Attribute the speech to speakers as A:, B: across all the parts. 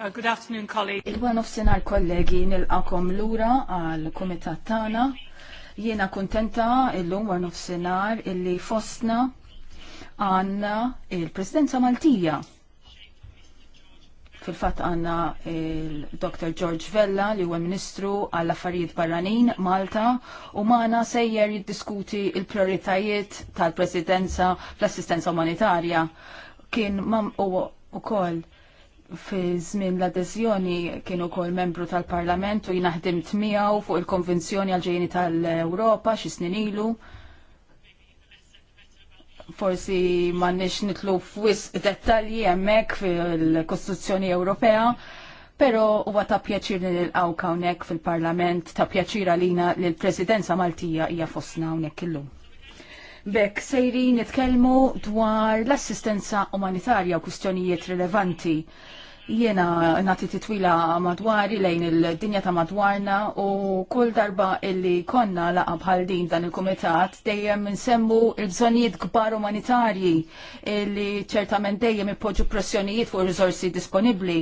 A: Uh, good afternoon, colleague. Il-għan
B: ufsinar kollegi nil-għakom l-ura għal-komitat tana. Jiena kontenta il-lum għan ufsinar illi fostna għanna il-presidenza Maltija. Fil-fat għanna il-Dr. George Vella li huwa Ministru għall-Affarijiet Barranin Malta u maħna sejjer jiddiskuti il-prioritajiet tal-presidenza fl-assistenza umanitarja. Kien mam u, u koll fi żmien l-adeżjoni kienu kol membru tal-Parlament u jinaħdimt miegħu fuq il-Konvenzjoni għal-ġejni tal-Ewropa xi snin ilu. Forsi m'għandniex nitlu f'wisq dettalji hemmhekk fil-Kostituzzjoni Ewropea, però huwa ta' pjaċir li nilqgħu hawnhekk fil-Parlament, ta' pjaċir għalina li l-Presidenza Maltija hija fostna hawnhekk illum. Bek, sejri nitkellmu dwar l-assistenza umanitarja u kustjonijiet rilevanti. Jena nati titwila madwari lejn il-dinja ta' madwarna u kull darba illi konna laqa bħal din dan il-komitat dejjem nsemmu il-bżonijiet kbar umanitarji illi ċertament dejjem ipoġġu pressjonijiet fuq riżorsi disponibbli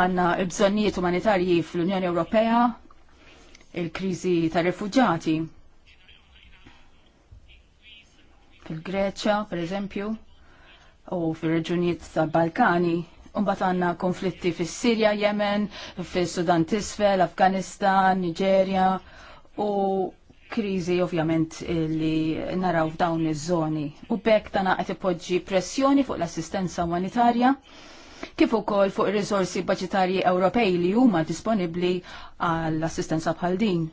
B: għandna il-bżonijiet umanitarji fl-Unjoni Ewropea, il-kriżi ta' refuġati. Fil-Greċja, per eżempju, u fil-reġunijiet tal-Balkani, Umbat għanna konflitti fis sirja Yemen, fis sudan tisfel, Afganistan, Nigeria u krizi ovvjament li naraw f'dawn iż-żoni. U bekk ta' qed ipoġġi pressjoni fuq l-assistenza umanitarja kif ukoll fuq ir-riżorsi budġetarji Ewropej li huma disponibbli għall-assistenza bħal din.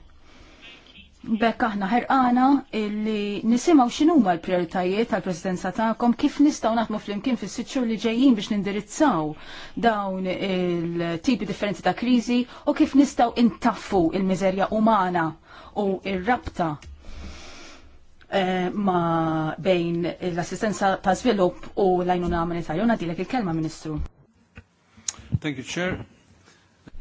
B: Bekk aħna ħerqana illi xinu x'inhuma l-prijoritajiet tal-Presidenza tagħkom kif nistgħu naħdmu flimkien fis sitxur li ġejjin biex nindirizzaw dawn il-tipi differenti ta' kriżi u kif nistgħu intaffu il-miżerja umana u il rabta eh, ma bejn l-assistenza ta' żvilupp u l ajnuna umanitarja. Jona dilek il-kelma, Ministru.
C: Thank you, Chair.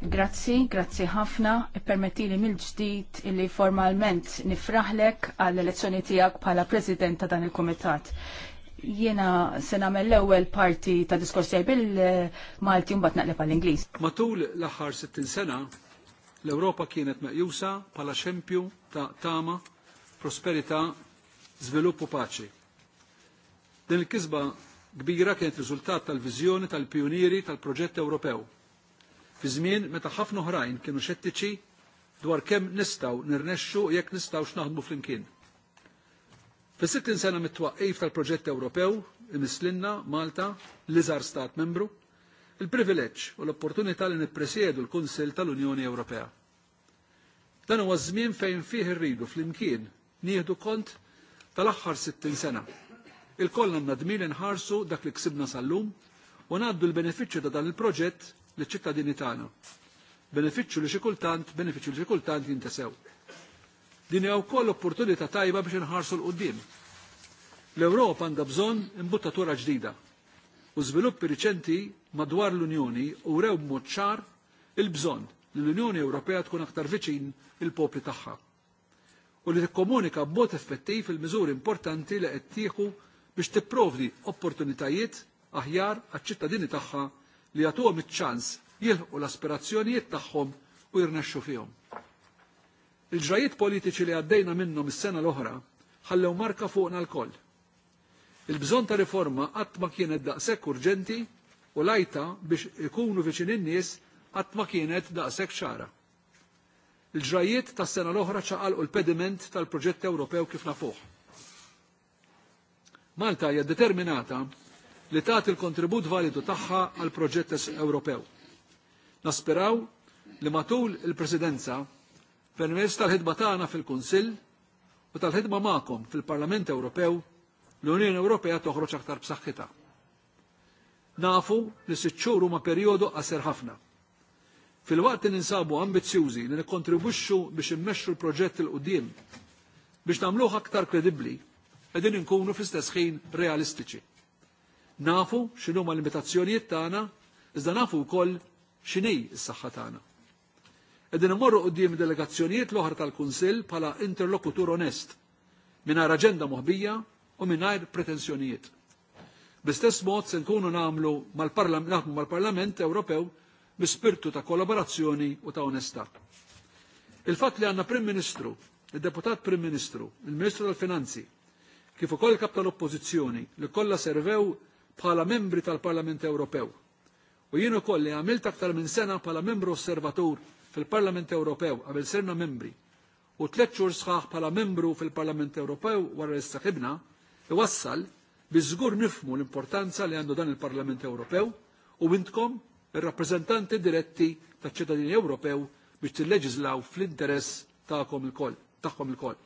B: Grazzi, grazzi ħafna. Permettili mill-ġdid illi formalment nifraħlek għall-elezzjoni tiegħek bħala President ta' dan il-Kumitat. Jiena se nagħmel l-ewwel parti ta' diskors bil-Malti mbagħad naqleb għall-Ingliż.
C: Matul l-aħħar 60 sena l-Ewropa kienet meqjusa bħala xempju ta' tama, prosperità, sviluppu paċi. Din il-kisba kbira kienet riżultat tal-viżjoni tal pionieri tal-proġett Ewropew fi żmien meta ħafna oħrajn kienu xettiċi dwar kemm nistgħu nirnexxu jekk nistgħu x'naħdmu flimkien. Fis sittin sena mit-twaqqif tal-proġett Ewropew imislinna Malta l-iżgħar stat membru il-privileġġ u l-opportunità li nippresjedu l-Kunsill tal-Unjoni Ewropea. Dan huwa żmien fejn fih irridu flimkien nieħdu kont tal-aħħar 60 sena. il kollna għandna inħarsu dak li ksibna sal-lum u ngħaddu l-benefiċċju ta' dan il-proġett liċ ċittadini tagħna. Benefiċċju li xi kultant, benefiċċju li xi kultant jintesew. Din hija wkoll opportunità tajba biex inħarsu l-qudiem. L-Ewropa għandha bżonn imbuttatura ġdida u żviluppi riċenti madwar l-Unjoni u b'mod ċar il-bżonn li l-Unjoni Ewropea tkun aktar viċin il-popli tagħha u li tikkomunika b'mod effettiv il-miżuri importanti li qed tieħu biex tipprovdi opportunitajiet aħjar għaċ-ċittadini tagħha li jatuhom iċ-ċans jilħqu l-aspirazzjonijiet tagħhom u jirnexxu fihom. Il-ġrajiet politiċi li għaddejna minnhom is-sena l-oħra ħallew marka fuqna l-koll. Il-bżonn ta' riforma qatt ma kienet daqshekk urġenti u lajta biex ikunu viċin in-nies qatt ma kienet daqshekk ċara. Il-ġrajiet tas sena l-oħra ċaqalqu l-pediment tal-proġett Ewropew kif nafuh. Malta hija determinata li taħt il kontribut validu tagħha għal proġett Ewropew. Nasperaw li matul il-Presidenza permezz tal-ħidma tagħna fil-Kunsill u tal-ħidma maħkom fil-Parlament Ewropew l-Unjoni Ewropea toħroġ aktar b'saħħitha. Nafu li sitt xhur huma perjodu qaser ħafna. Fil-waqt li ninsabu ambizzjużi li nikkontribwixxu biex immexxu l-proġett il qudiem biex nagħmluh aktar kredibbli qegħdin inkunu fl-istess ħin realistiċi. Nafu xinu ma limitazzjonijiet tagħna, iżda nafu wkoll x'inhi s-saħħa tagħna. Qegħdin immorru quddiem delegazzjonijiet l-oħra tal-Kunsill bħala interlokutur onest mingħajr aġenda moħbija u mingħajr pretenzjonijiet. Bl-istess mod se nkunu nagħmlu mal-Parlament mal Ewropew bi spirtu ta' kollaborazzjoni u ta' onestà. Il-fatt li għandna Prim Ministru, il-Deputat Prim Ministru, il-Ministru tal-Finanzi, kif ukoll kap tal-Oppożizzjoni li kollha servew bħala membri tal-Parlament Ewropew. U jien ukoll li għamilt aktar minn sena bħala membru osservatur fil-Parlament Ewropew qabel serna membri u tliet xhur sħaħ bħala membru fil-Parlament Ewropew wara li saħibna iwassal bi żgur nifmu l-importanza li għandu dan il-Parlament Ewropew u intkom ir-rappreżentanti diretti taċ-ċittadini Ewropew biex tilleġislaw fl-interess taħkom il-koll Taħkom il-koll.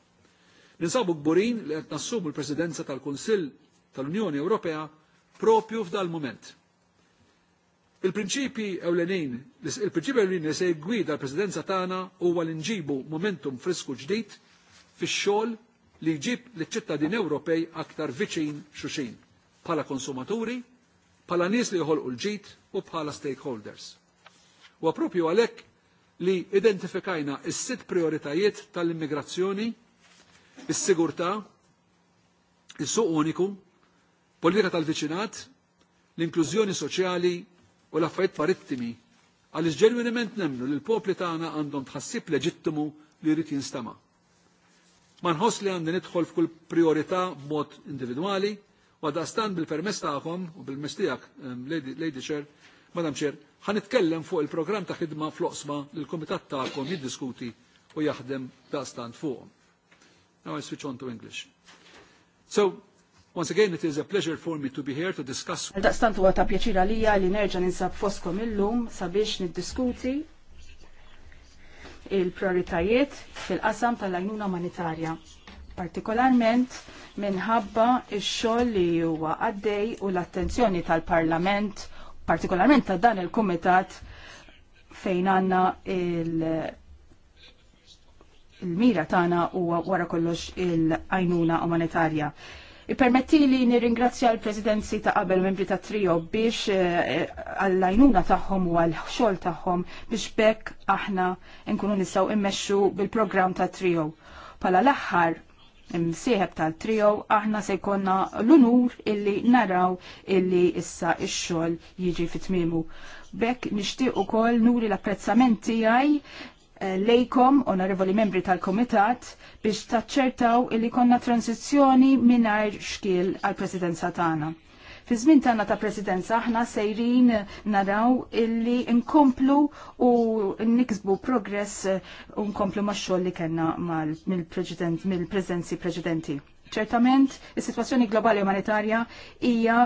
C: Ninsabu gburin li qed nassumu l-Presidenza tal-Kunsill tal-Unjoni Ewropea propju f'dal mument Il-prinċipi ewlenin, il-prinċipi ewlenin li se jgwida l-presidenza tagħna huwa li nġibu momentum frisku ġdid fix-xogħol li jġib liċ ċittadin Ewropej aktar viċin xuxin, bħala konsumaturi, bħala nies li jħolqu l-ġid u bħala stakeholders. U propju għalhekk li identifikajna s-sit prioritajiet tal-immigrazzjoni, is-sigurtà, is-suq uniku, Politika tal-viċinat, l-inklużjoni soċjali u l-affarijiet parittimi għaliex ġenwiniment nemnu li l-popli tagħna għandhom tħassib leġittimu li jrid jinstema'. Ma nħoss li għandi nidħol f'kull priorità b'mod individwali, u għadastan bil-permess tagħhom u bil-permess tiegħek Lady Chair, Madam Chair, ħanitkellem fuq il-programm ta' ħidma fl-oqsma li l-Kumitat tagħkom jiddiskuti u jaħdem daqstant fuqhom. Now I switch on to English. So, Once again, it is a pleasure for me to be here to discuss.
B: Daqstant huwa ta' pjaċira lija li nerġa' ninsab foskom illum sabiex niddiskuti il-prioritajiet fil-qasam tal-għajnuna umanitarja, partikolarment minħabba ix-xogħol li huwa għaddej u l-attenzjoni tal-Parlament, partikolarment ta' dan il-Kumitat fejn għandna il- il-mira tagħna huwa wara kollox il-għajnuna umanitarja. Permetti li nirringrazzja l-Presidenzi ta' qabel membri ta' trio biex eh, għall-għajnuna tagħhom u għall-xogħol tagħhom biex bekk aħna nkunu nistgħu immexxu bil-programm ta' trio. Pala l-aħħar imsieħeb tal-trio aħna se jkollna l-unur illi naraw illi issa ix-xogħol jiġi fit-tmiemu. Bekk nixtieq ukoll nuri l apprezzamenti għaj Eh, lejkom, onorevoli membri tal-Komitat, biex taċċertaw illi konna transizjoni minar xkil għal-presidenza tagħna. Fi żmien tagħna ta' presidenza aħna sejrin naraw illi nkomplu u niksbu progress u nkomplu max-xogħol li kellna mill-preżenzi preċedenti ċertament is-sitwazzjoni globali umanitarja hija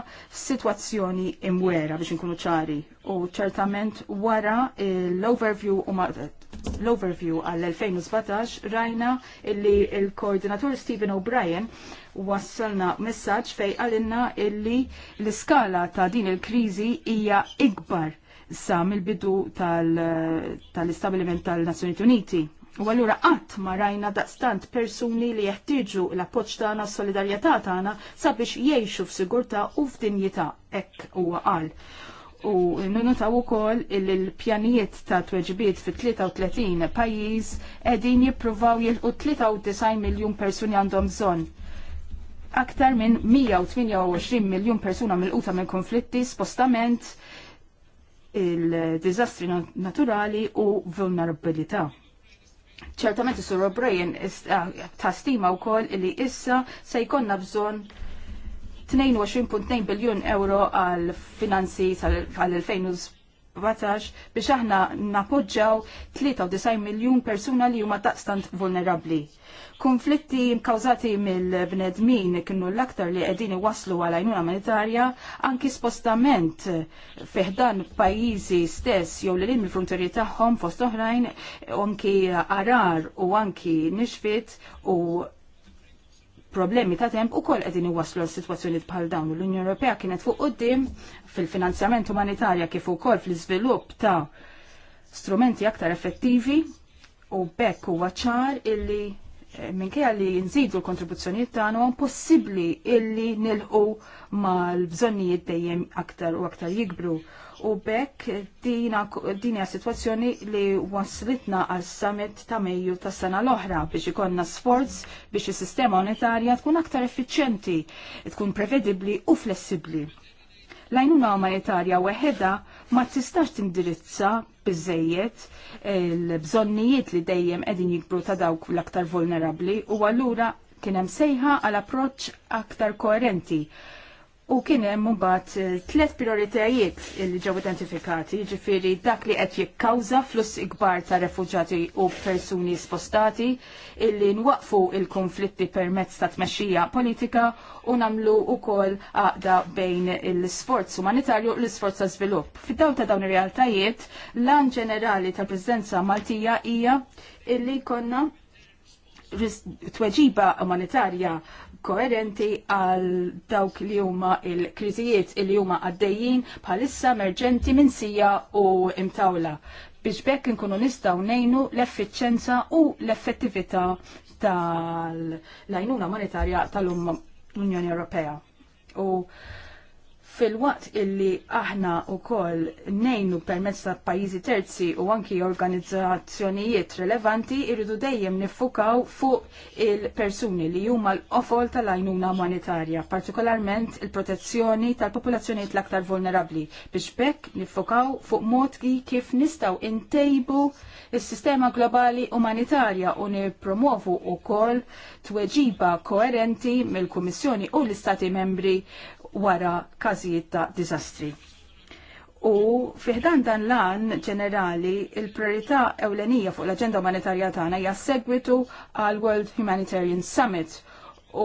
B: sitwazzjoni imwera biex inkunu ċari u ċertament wara l-overview l-overview għall-2017 rajna illi il-koordinatur Stephen O'Brien wassalna messaġġ fej għalinna illi l-iskala ta' din il-kriżi hija ikbar sa mill-bidu tal-istabiliment tal-Nazzjoni Uniti U għallura qatt ma rajna daqstant persuni li jeħtieġu l-appoġġ tagħna s-solidarjetà tagħna sabiex jgħixu f'sigurtà u f'dinjità hekk huwa qal. U nunutaw ukoll il-pjanijiet ta' tweġbiet fi 33 pajjiż qegħdin jippruvaw jilqu 93 miljun persuni għandhom bżonn. Aktar minn 128 miljun persuna mill-quta minn konflitti, spostament, il-dizastri naturali u vulnerabilità ċertament is-sur O'Brien ta' stima wkoll li issa se jkollna bżonn 22.2 biljun euro għal finanzi għal 2017 2014 biex aħna napoġġaw 93 miljun persuna li huma daqstant vulnerabbli. Konflitti mkawżati mill-bnedmin kienu l-aktar li qegħdin waslu għal għajnuna humanitarja, anki spostament fiħdan pajjiżi stess jew li mill frontieri tagħhom fost oħrajn anki arar u anki nixfit u problemi ta' temp ukoll qegħdin iwasslu l-sitwazzjoni bħal dawn. L-Unjoni Ewropea kienet fuq qudiem fil-finanzjament umanitarja kif ukoll fl-iżvilupp ta' strumenti aktar effettivi u bekk huwa ċar illi eh, minkejja li nżidu l-kontribuzzjonijiet tagħna huwa possibbli illi nilħu mal-bżonnijiet dejjem aktar u aktar jikbru u bekk dina dinja situazzjoni li waslitna għal summit ta' Mejju ta' sena l-oħra biex ikonna sforz biex is-sistema monetarja tkun aktar effiċjenti, tkun prevedibbli u flessibbli. L-għajnuna umanitarja weħeda ma tistax tindirizza bizzejiet il-bżonnijiet li dejjem edin jikbru ta' dawk l-aktar vulnerabli u għallura kienem sejħa għal approċ aktar koerenti U kien hemm mbagħad eh, tliet prioritajiet li ġew identifikati, jiġifieri dak li qed jikkawża fluss ikbar ta' refuġati u persuni spostati, illi nwaqfu il-konflitti permezz ta' tmexxija politika u nagħmlu wkoll għaqda bejn l-isforz umanitarju u l-isforz ta' żvilupp. fid ta' dawn ir-realtajiet, l-an ġenerali tal preżidenza Maltija hija illi konna tweġiba umanitarja koerenti għal dawk li huma il-kriżijiet li huma għaddejjin bħalissa emerġenti minn sija u imtawla biex bekk nkunu nistgħu nejnu l-effiċenza u l-effettività tal-lajnuna monetarja tal-Unjoni Ewropea. U fil-waqt illi aħna u koll nejnu permezz ta' pajizi terzi u anki organizzazzjonijiet relevanti irridu dejjem nifukaw fuq il-persuni li huma l-ofol tal-għajnuna umanitarja, partikolarment il-protezzjoni tal-popolazzjonijiet l-aktar vulnerabli biex bekk nifukaw fuq modgi kif nistaw intejbu il-sistema globali umanitarja u nipromovu u koll tweġiba koerenti mill-Kummissjoni u l-Istati membri wara każijiet ta' diżastri. U fiħdan dan lan ġenerali, il-priorità ewlenija fuq l-agenda umanitarja tagħna hija segwitu għal World Humanitarian Summit u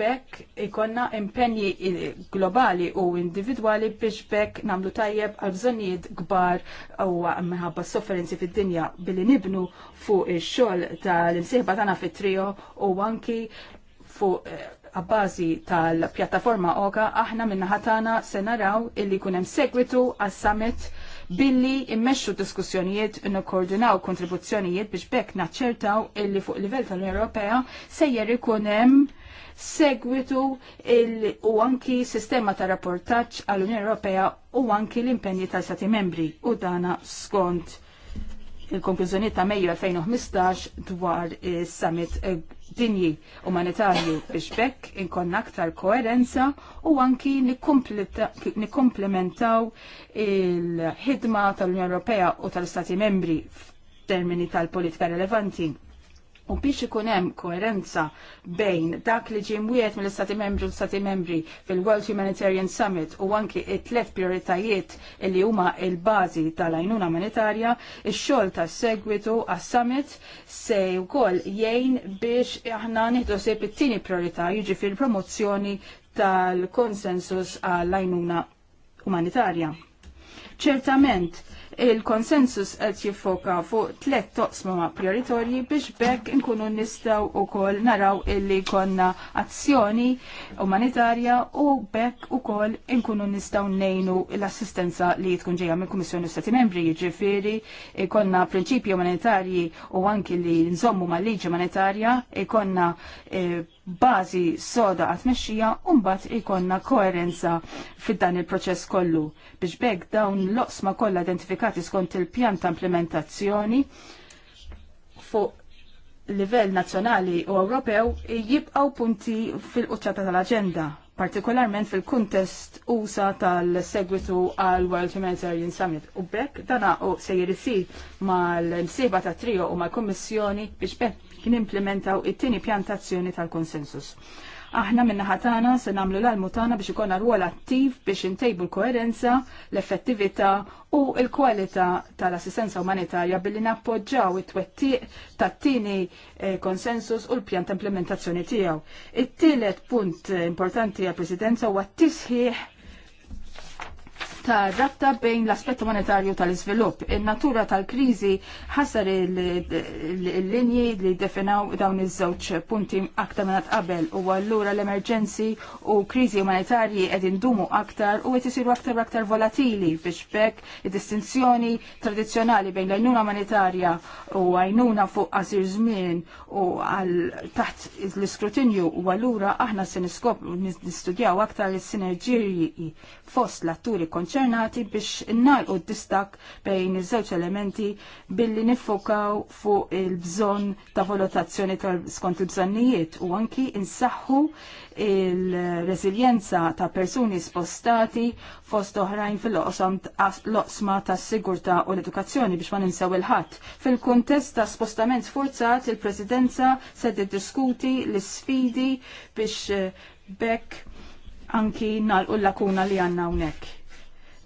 B: bekk ikonna impenji globali u individwali biex bekk namlu tajjeb għal bżonnijiet kbar u minħabba sofferenzi fid-dinja billi nibnu fuq ix-xogħol tal-imsieħba tagħna fit-trio u anki fuq eh, għabbażi tal-pjattaforma OGA aħna minna ħatana se naraw illi kunem segwitu għas-summit billi immexxu diskussjonijiet nikkoordinaw kontribuzzjonijiet biex bekk naċċertaw illi fuq livell tal-Unjoni Ewropea sejjer ikun hemm segwitu u anki sistema ta' rapportaċ għall-Unjoni Ewropea u anki l-impenji tal-Stati membri u dana skont il konklużjoniet ta' Mejju 2015 dwar is-summit dinji umanitarju biex inkonna aktar koerenza u anki nikkomplementaw il-ħidma tal-Unjoni Ewropea u tal-Stati membri f'termini tal-politika relevanti. U biex ikun hemm koerenza bejn dak li ġie mwiet mill-Istati Membri u l-Stati Membri fil-World Humanitarian Summit u anki it-tlet prioritajiet li huma il-bażi tal-għajnuna umanitarja, ix-xogħol tas-segwitu għas-summit se wkoll jgħin biex aħna nieħdu sejb it-tieni priorità jiġifieri promozzjoni tal-konsensus għall-għajnuna umanitarja. Ċertament, Il-konsensus qed jiffoka fuq tliet toqsma prioritorji biex bekk inkunu nistgħu wkoll naraw illi konna azzjoni umanitarja u bekk ukoll nkunu nistgħu nejnu l-assistenza li tkun ġejja mill-Kummissjoni Stati Membri, jiġifieri konna prinċipji umanitarji u anki li nżommu mal-liġi umanitarja konna eh, bażi soda għat mexxija u mbagħad ikonna koerenza fid-dan il-proċess kollu biex beg dawn l-oqsma kollha identifikati skont il-pjan ta' implementazzjoni fuq livell nazzjonali u Ewropew jibqaw punti fil-quċċata tal-aġenda partikolarment fil-kuntest usa tal-segwitu għal World Humanitarian Summit. U bekk dana u sejjer isir mal-msiba ta' trio u mal-Kommissjoni biex bekk kien implementaw it-tieni pjantazzjoni tal-konsensus. Aħna minna ħatana se namlu l-almutana biex ikonna rwol attiv biex intejbu l-koerenza, l-effettività u l-kwalità tal-assistenza umanitarja billi nappoġġaw it-twettiq tat-tini eh, konsensus u l-pjan ta' implementazzjoni tiegħu. It-tielet punt importanti għal-Presidenza huwa tisħiħ ta' rabta bejn l aspetto monetarju tal-iżvilupp. In-natura tal-kriżi ħasar il-linji li definaw dawn iż-żewġ punti aktar minn qabel u allura l-emerġenzi u kriżi umanitarji qed indumu aktar u qed isiru aktar aktar volatili biex bekk id-distinzjoni tradizzjonali bejn l-għajnuna monetarja u għajnuna fuq qasir żmien u għal taħt l-iskrutinju u allura aħna se niskop nistudjaw aktar is-sinerġiji fost l-atturi konċerti ċernati biex innalqu d-distak bejn iż-żewġ elementi billi nifokaw fuq il-bżonn ta' valutazzjoni skont il-bżonnijiet u anki insaħħu il-reżiljenza ta' persuni spostati fost oħrajn fil-loqsma ta' sigurta u l-edukazzjoni biex ma ninsew il-ħadd. Fil-kuntest ta' spostament forzat, il-Presidenza se diskuti l-sfidi biex eh, bekk anki nalqu l-lakuna li għanna unek.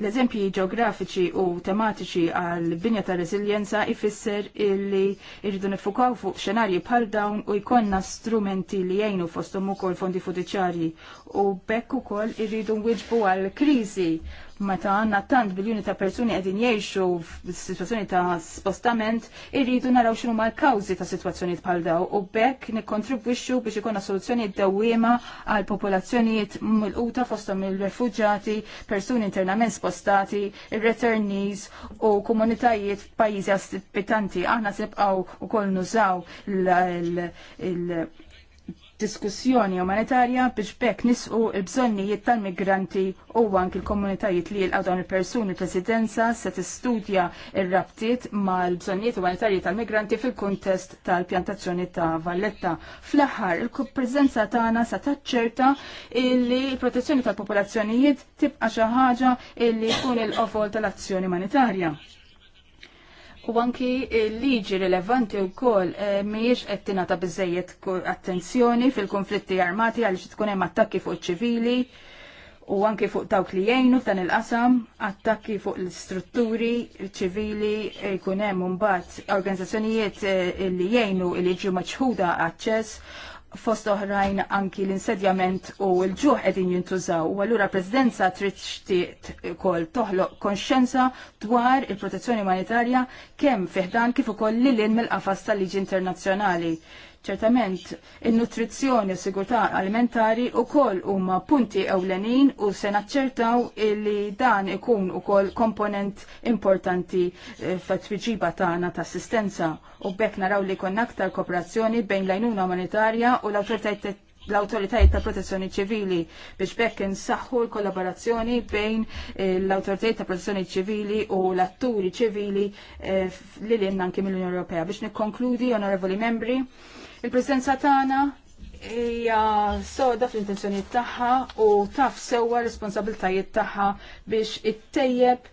B: L-eżempji ġeografiċi u tematiċi għal binja ta' resiljenza ifisser illi irridu nifukaw fuq xenarji bħal dawn u jkonna strumenti li jgħinu fostom ukoll fondi fiduċjarji u bekk ukoll irridu nwieġbu għal kriżi meta għandna tant biljuni ta' persuni qegħdin jgħixu situazzjoni ta' spostament, irridu naraw xinu ma' kawżi ta' situazzjoni bħal daw u bekk nikkontribwixxu biex soluzzjoni soluzzjonijiet dawwiema għal popolazzjonijiet milquta fosthom il refugġati persuni internament spostati, il returnees u komunitajiet f'pajjiżi ospitanti. Aħna sibqgħu ukoll nużaw l diskussjoni umanitarja biex bekk nisqu l-bżonnijiet tal-migranti u anki l-komunitajiet li l dawn il-persuni presidenza se tistudja il rabtiet mal-bżonnijiet umanitarji tal-migranti fil-kuntest tal-pjantazzjoni ta' Valletta. Fl-aħħar, il-preżenza tagħna sa taċċerta illi l-protezzjoni tal-popolazzjonijiet tibqa' xi ħaġa illi jkun il-qofol tal-azzjoni umanitarja u anki liġi rilevanti u kol eh, miex għettina ta' bizzejiet attenzjoni fil-konflitti armati għalix tkun hemm attakki fuq ċivili u anki fuq dawk li jgħinu f'dan il-qasam, attakki fuq l-istrutturi ċivili eh, jkun hemm mbagħad organizzazzjonijiet eh, li jgħinu li ġew maċħuda aċċess fost oħrajn anki l-insedjament u l-ġuħ edin jintużaw. U għallura prezidenza trid xtiet kol toħloq konxenza dwar il-protezzjoni umanitarja kemm fiħdan kif ukoll lilin mill-qafas tal-liġi internazzjonali ċertament il-nutrizzjoni u sigurtà alimentari u koll huma punti ewlenin u se naċċertaw illi dan ikun u koll komponent importanti eh, fat-tfiġiba tagħna ta' assistenza u bekk naraw li konna aktar kooperazzjoni bejn l-għajnuna umanitarja u l-autoritajiet ta' protezzjoni ċivili biex bekk insaħħu l-kollaborazzjoni bejn eh, l-autoritajiet ta' protezzjoni ċivili u l-atturi ċivili eh, li l innan anki mill-Unjoni Ewropea. Biex nikkonkludi, onorevoli membri, Il-prezenza tagħna hija soda fl-intenzjonijiet tagħha u taf sewwa responsabiltajiet tagħha biex ittejjeb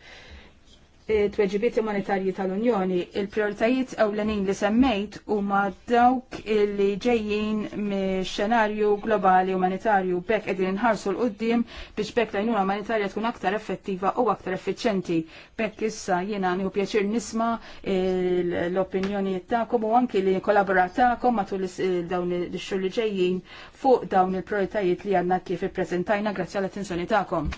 B: tweġibiet monetarji tal-Unjoni. Il-prioritajiet ewlenin li semmejt huma dawk li ġejjin mix-xenarju globali umanitarju bekk qegħdin inħarsu l-qudiem biex bekk l-għajnuna umanitarja tkun aktar effettiva u aktar effiċjenti Bekk issa jiena nieħu pjaċir nisma l-opinjoni tagħkom u anki li kollabora tagħkom matul dawn ix xogħol li ġejjin fuq dawn il-prioritajiet li għandna kif ippreżentajna grazzi għall attenzjoni tagħkom.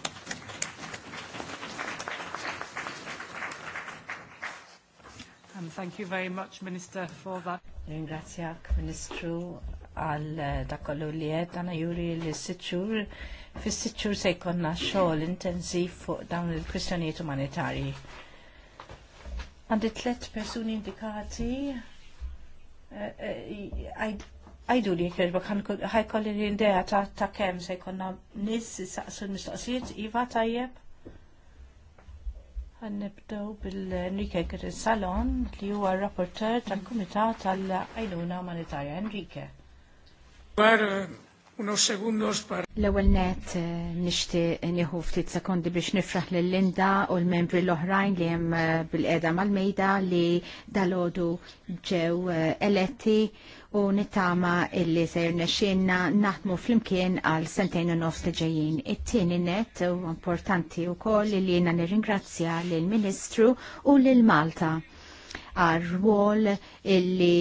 D: thank you very much, Minister, for that. Ringrazzjak, Ministru, għal eh, dakollu li għed, għana juri li s-sitxur, fis-sitxur se jkonna xogħol intensiv fuq dawn il kwistjoniet umanitarji. Għandi tlet personi indikati, eh, eh, għajdu li jkirba, ħajkolli li ndeja ta' kem se jkonna nis saqsu l-mistoqsijiet, Iva tajjeb? Għannibdow bil-Enrique Grisalon li huwa rapporter tal-Kumitat tal ajluna Umanitarja. Enrique.
E: Bar unos segundos par. L-ewwel net eh, nixtieq nieħu ftit sekondi biex nifraħ l Linda u l-membri l-oħrajn li hemm eh, bil qeda mal-mejda li dalodu ġew eh, eletti u nittama illi se jirnexxinna naħdmu flimkien għal sentejn u nofs li ġejjin. It-tieni net u importanti wkoll li jiena nirringrazzja lill-Ministru u lil Malta għal rwol illi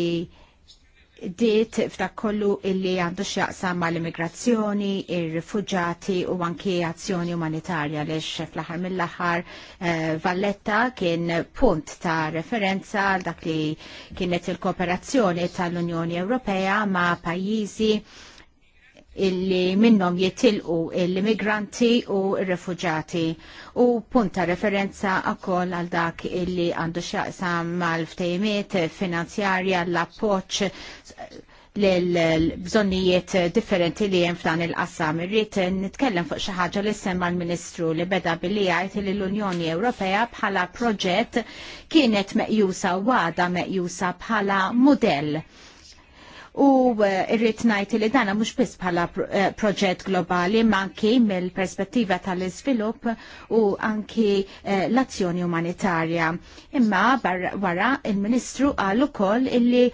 E: diet f'dak kollu illi għandu x'jaqsam mal-immigrazzjoni, ir-rifuġati u anki azzjoni umanitarja lex fl-aħħar mill-aħħar eh, Valletta kien punt ta' referenza għal dak li kienet il-kooperazzjoni tal-Unjoni Ewropea ma' pajjiżi illi minnom jitilqu l-immigranti u r-refuġati u punta referenza akoll għal dak illi għandu xaqsam mal-ftejmiet finanzjarja l-appoċ l-bżonnijiet differenti li jem f'dan il-qassam. Irrit nitkellem fuq xi ħaġa li semma l-Ministru li beda billi jgħid li l-Unjoni Ewropea bħala proġett kienet meqjusa u għada meqjusa bħala modell u eh, irrit najt li dana mux bis bħala eh, proġett globali ma anki mill-perspettiva tal-izvilup u anki eh, l-azzjoni umanitarja. Imma wara il-Ministru għallu ukoll illi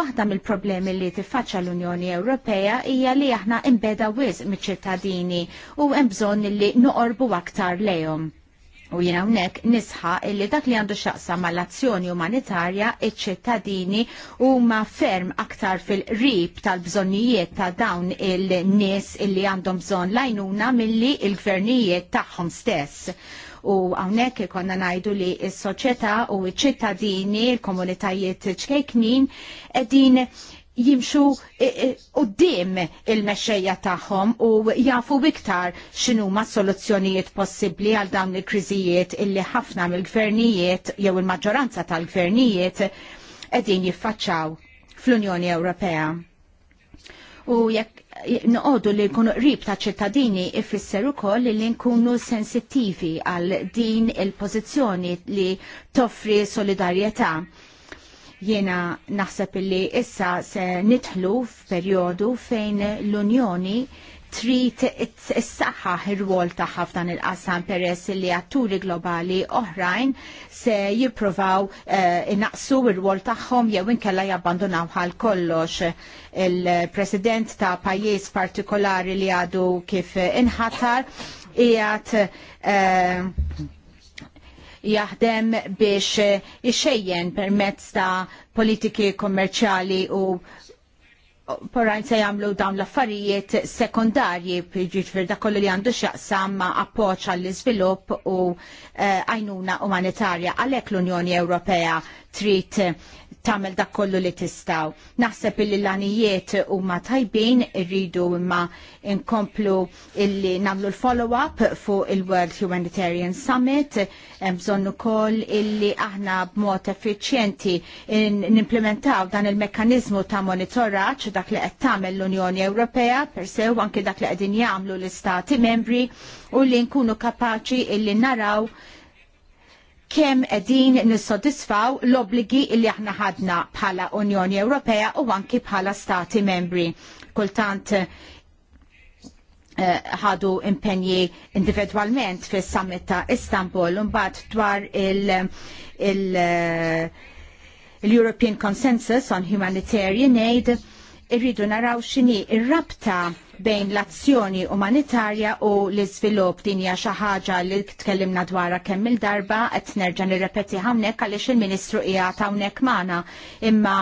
E: waħda mill-problemi li tiffaċċa l-Unjoni Ewropea hija li aħna imbeda wiz miċ-ċittadini u hemm bżonn illi noqorbu aktar lejhom U jina unnek nisħa illi dak li għandu xaqsa mal-azzjoni umanitarja iċ-ċittadini u ma ferm aktar fil-rib tal-bżonnijiet ta' dawn il-nis illi għandhom bżon lajnuna milli il-gvernijiet tagħhom stess. U għawnek ikonna najdu li s soċjetà u ċittadini, il-komunitajiet ċkejknin, edin jimxu e, e, qoddim il-mexxejja tagħhom u jafu iktar xinu ma' soluzzjonijiet possibbli għal dawn il-kriżijiet illi ħafna mill-gvernijiet jew il-maġġoranza tal-gvernijiet qegħdin jiffaċċaw fl-Unjoni Ewropea. U jekk noqogħdu li jkunu qrib ta' ċittadini ifisser ukoll li nkunu sensittivi għal din il-pożizzjoni li toffri solidarjetà Jiena naħseb illi issa se nidħlu f'perjodu fejn l-Unjoni trid issaħħaħ ir-rwol tagħha f'dan il-qasam peress li atturi globali oħrajn se jippruvaw eh, inaqsu ir-rwol tagħhom jew inkella jabbandunaw ħal kollox il-president ta' pajjiż partikolari li għadu kif inħatar qiegħed eh, jaħdem biex ixejjen permezz ta' politiki kommerċjali u porrajn se jagħmlu dawn l-affarijiet sekondarji ġifir da kollu li għandu x'jaqsam ma' appoċ għall-iżvilupp u eh, għajnuna umanitarja għalhekk l-Unjoni Ewropea trid tagħmel dak kollu li tistgħu. Naħseb illi l u huma tajbin irridu imma nkomplu illi nagħmlu l-follow-up fuq il-World Humanitarian Summit, hemm bżonn ukoll illi aħna b'mod effiċjenti n-implementaw dan il-mekkaniżmu ta' monitoraġġ dak li qed tagħmel l-Unjoni Ewropea per sew anke dak li qegħdin jagħmlu l-istati membri u li nkunu kapaċi illi naraw kemm qegħdin nissodisfaw l-obbligi li aħna ħadna bħala Unjoni Ewropea u anki bħala Stati membri. Kultant eh, ħadu uh, impenji individualment fis summit ta' Istanbul bad dwar il-, il, eh, il european Consensus on Humanitarian Aid irridu naraw x'inhi ir-rabta bejn l-azzjoni umanitarja u l-iżvilupp din hija xi ħaġa li tkellimna dwarha kemm il-darba qed nerġa' nirrepeti hawnhekk għaliex il-Ministru qiegħed hawnhekk magħna. Imma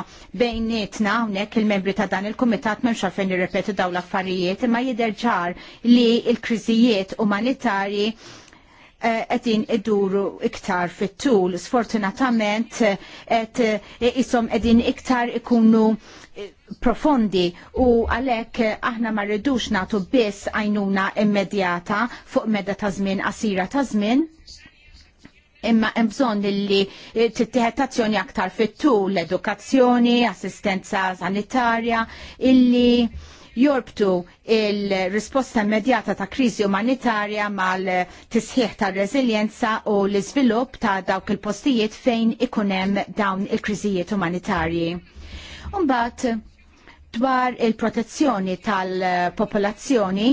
E: bejnietna hawnhekk il-membri ta' dan il-kumitat m'hemmx għalfejn nirrepetu dawn l-affarijiet imma jidher li l-kriżijiet umanitarji qegħdin iduru iktar fit-tul. Sfortunatament qed isom qegħdin iktar ikunu eh, profondi u għalek aħna ma rridux nagħtu biss għajnuna immedjata fuq meda ta' żmien qasira ta' żmien imma hemm bżonn li eh, tittieħed azzjoni aktar fit-tul, l-edukazzjoni, assistenza sanitarja, illi jorbtu il-risposta immedjata ta' kriżi umanitarja mal-tisħiħ ta' reżiljenza u l-iżvilupp ta' dawk il-postijiet fejn ikunem dawn il-kriżijiet umanitarji. Umbat, dwar il-protezzjoni tal-popolazzjoni,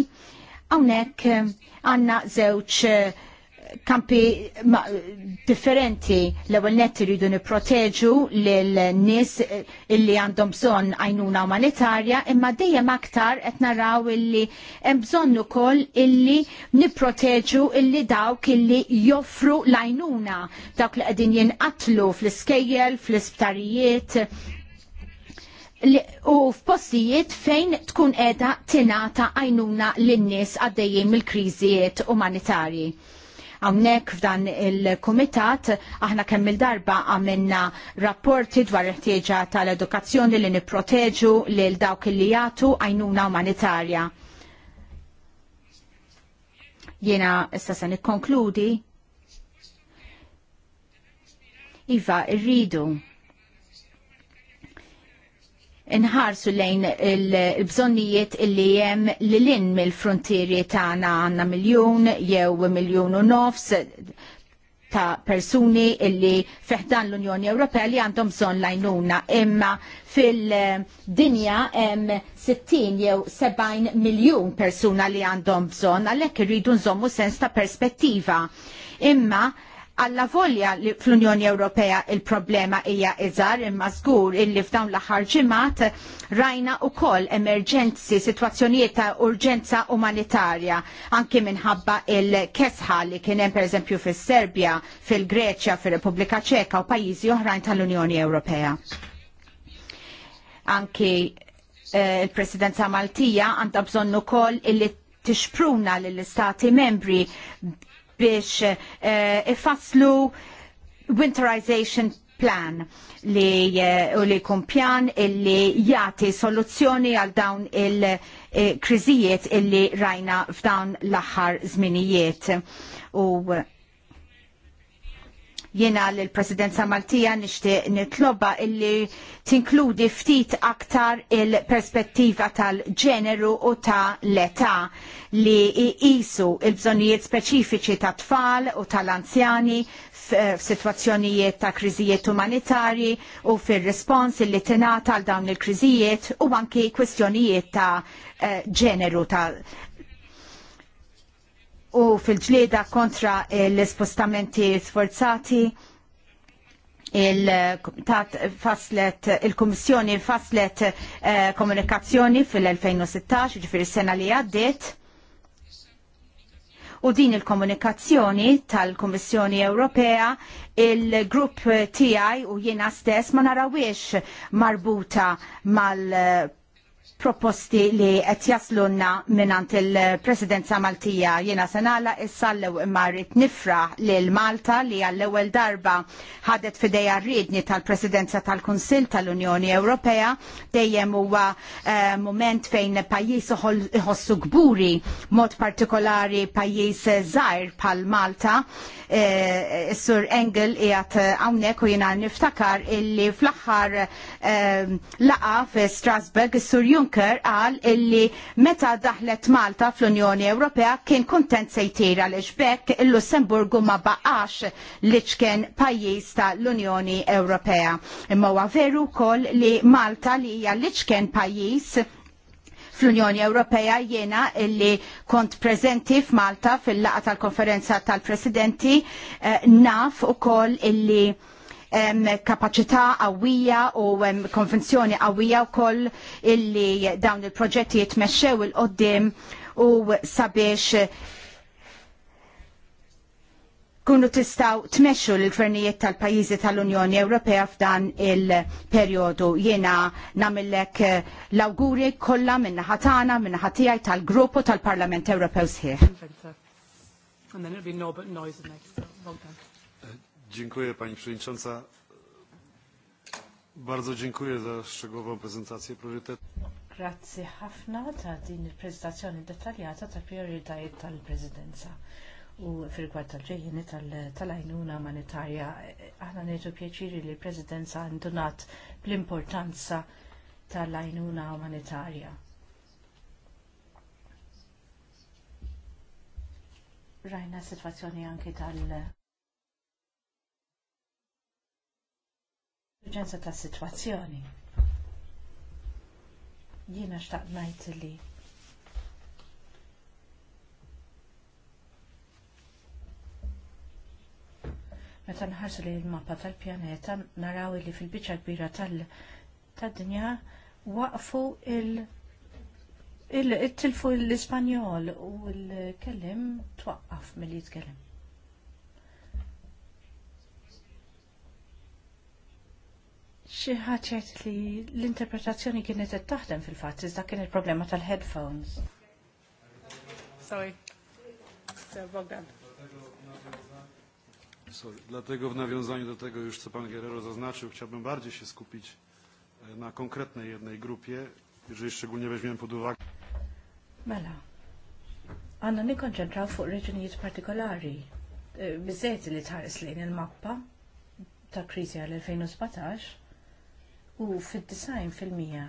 E: għonek għanna zewċ kampi differenti l ewwel net iridu niproteġu lil nies eh, illi għandhom bżonn għajnuna umanitarja imma dejjem aktar qed naraw illi hemm bżonn ukoll illi nipproteġu illi dawk illi joffru l-għajnuna dawk li qegħdin jinqatlu fl-iskejjel, fl-isptarijiet u f'postijiet fejn tkun qiegħda tingħata għajnuna lin-nies għaddejjin mill-kriżijiet umanitarji Hawnhekk f'dan il-kumitat aħna kemm il-darba għamilna rapporti dwar il-ħtieġa tal-edukazzjoni li nipproteġu lil dawk li jagħtu għajnuna umanitarja. Jiena issa se nikkonkludi. Iva, irridu nħarsu lejn il-bżonnijiet illi jem l in mill-frontieri tagħna għandna miljun jew miljun u nofs ta' persuni illi feħdan l-Unjoni Ewropea li għandhom bżonn lajnuna imma fil-dinja hemm 60 jew 70 miljun persuna li għandhom bżonn għalhekk irridu nżommu sens ta' perspettiva. Imma alla volja li fl-Unjoni Ewropea il-problema hija iżar imma żgur illi f'dawn l-aħħar ġimgħat rajna wkoll emerġenzi sitwazzjonijiet ta' urġenza umanitarja anke minħabba il-kesħa li kien hemm pereżempju fis-Serbja, fil-Greċja, fir-Repubblika Ċeka u pajjiżi oħrajn tal-Unjoni Ewropea. Anki eh, il-Presidenza Maltija għandha bżonn ukoll illi tixpruna lill istati membri biex eh, ifasslu winterization plan li eh, u li kumpjan pjan illi jati soluzzjoni għal dawn il-kriżijiet eh, illi rajna f'dawn l-aħħar żminijiet. U Jena l-Presidenza Maltija nixtieq nitloba illi tinkludi ftit aktar il-perspettiva tal-ġeneru u ta' l-età li jisu il-bżonijiet speċifiċi ta' tfal u tal-anzjani f'sitwazzjonijiet ta' kriżijiet umanitarji u fir-respons li tingħata għal dawn il-kriżijiet u anki kwistjonijiet ta' eh, ġeneru ta' u fil-ġlieda kontra l-spostamenti sforzati il faslet il-Kummissjoni faslet eh, komunikazzjoni fil-2016 ġifir sena li għaddiet u din il-komunikazzjoni tal kummissjoni Ewropea il-grupp TI u jiena stess ma narawiex marbuta mal proposti li qed jaslunna minant il-Presidenza Maltija jiena senala issallew imma rrid nifra lil Malta li għall-ewwel darba ħadet fidejha rridni tal-Presidenza tal-Kunsill tal-Unjoni Ewropea dejjem huwa uh, mument fejn pajjiż iħossu gburi mod partikolari pajjiż żgħir bħal Malta uh, eh, Sur Engel qiegħed hawnhekk u jiena niftakar illi fl-aħħar uh, laqa fi Strasbourg is-Sur Juncker Juncker qal illi meta daħlet Malta fl-Unjoni Ewropea kien kuntent se jtira li xbekk il-Lussemburgu ma baqax li ċken pajjiż tal-Unjoni Ewropea. Imma huwa veru wkoll li Malta li hija li ċken pajjiż fl-Unjoni Ewropea jiena illi kont prezenti f'Malta fil laqgħa tal-konferenza tal-presidenti eh, naf ukoll illi kapacità għawija u konvenzjoni qawwija wkoll illi dawn il-proġetti jitmexxew il-qoddim u sabiex kunu tistaw tmexxu l-gvernijiet tal-pajjiżi tal-Unjoni Ewropea f'dan il-perjodu. Jiena namillek eh, l-awguri kollha minn ħatana, minn ħatijaj tal-gruppu tal-Parlament Ewropew sħiħ.
F: Dziękuję Pani Przewodnicząca. Bardzo dziękuję za szczegółową prezentację priorytetów.
D: Grazzi ħafna ta' din il-prezentazzjoni dettaljata ta' prioritajiet tal-Presidenza u fil-gwad tal-ġejjeni tal ajnuna umanitarja. Aħna nejtu pieċiri li l-Presidenza għandunat bl-importanza tal ajnuna umanitarja. Rajna situazzjoni anki tal- urġenza ta' situazzjoni. Jiena xtaqt ngħid li Meta nħarsu li l-mappa tal-pjaneta naraw li fil-biċċa kbira tal-dinja waqfu il- il-tilfu l-Ispanjol u l-kellim twaqqaf mill-jitkellem. Xi li l-interpretazzjoni kienet taħdem fil-fatt iżda kien il-problema tal-headphones.
A: Sorry. Bogdan.
F: Sorry. Dlatego w nawiązaniu do tego już co pan Guerrero zaznaczył, chciałbym bardziej się skupić e, na konkretnej jednej grupie, jeżeli szczególnie weźmiemy pod uwagę.
D: Mela. Għanna nikonċentraw fuq reġunijiet partikolari. E, Bizzejt li tħares lejn il-mappa ta' krizi għal-2017 u fil design fil-mija.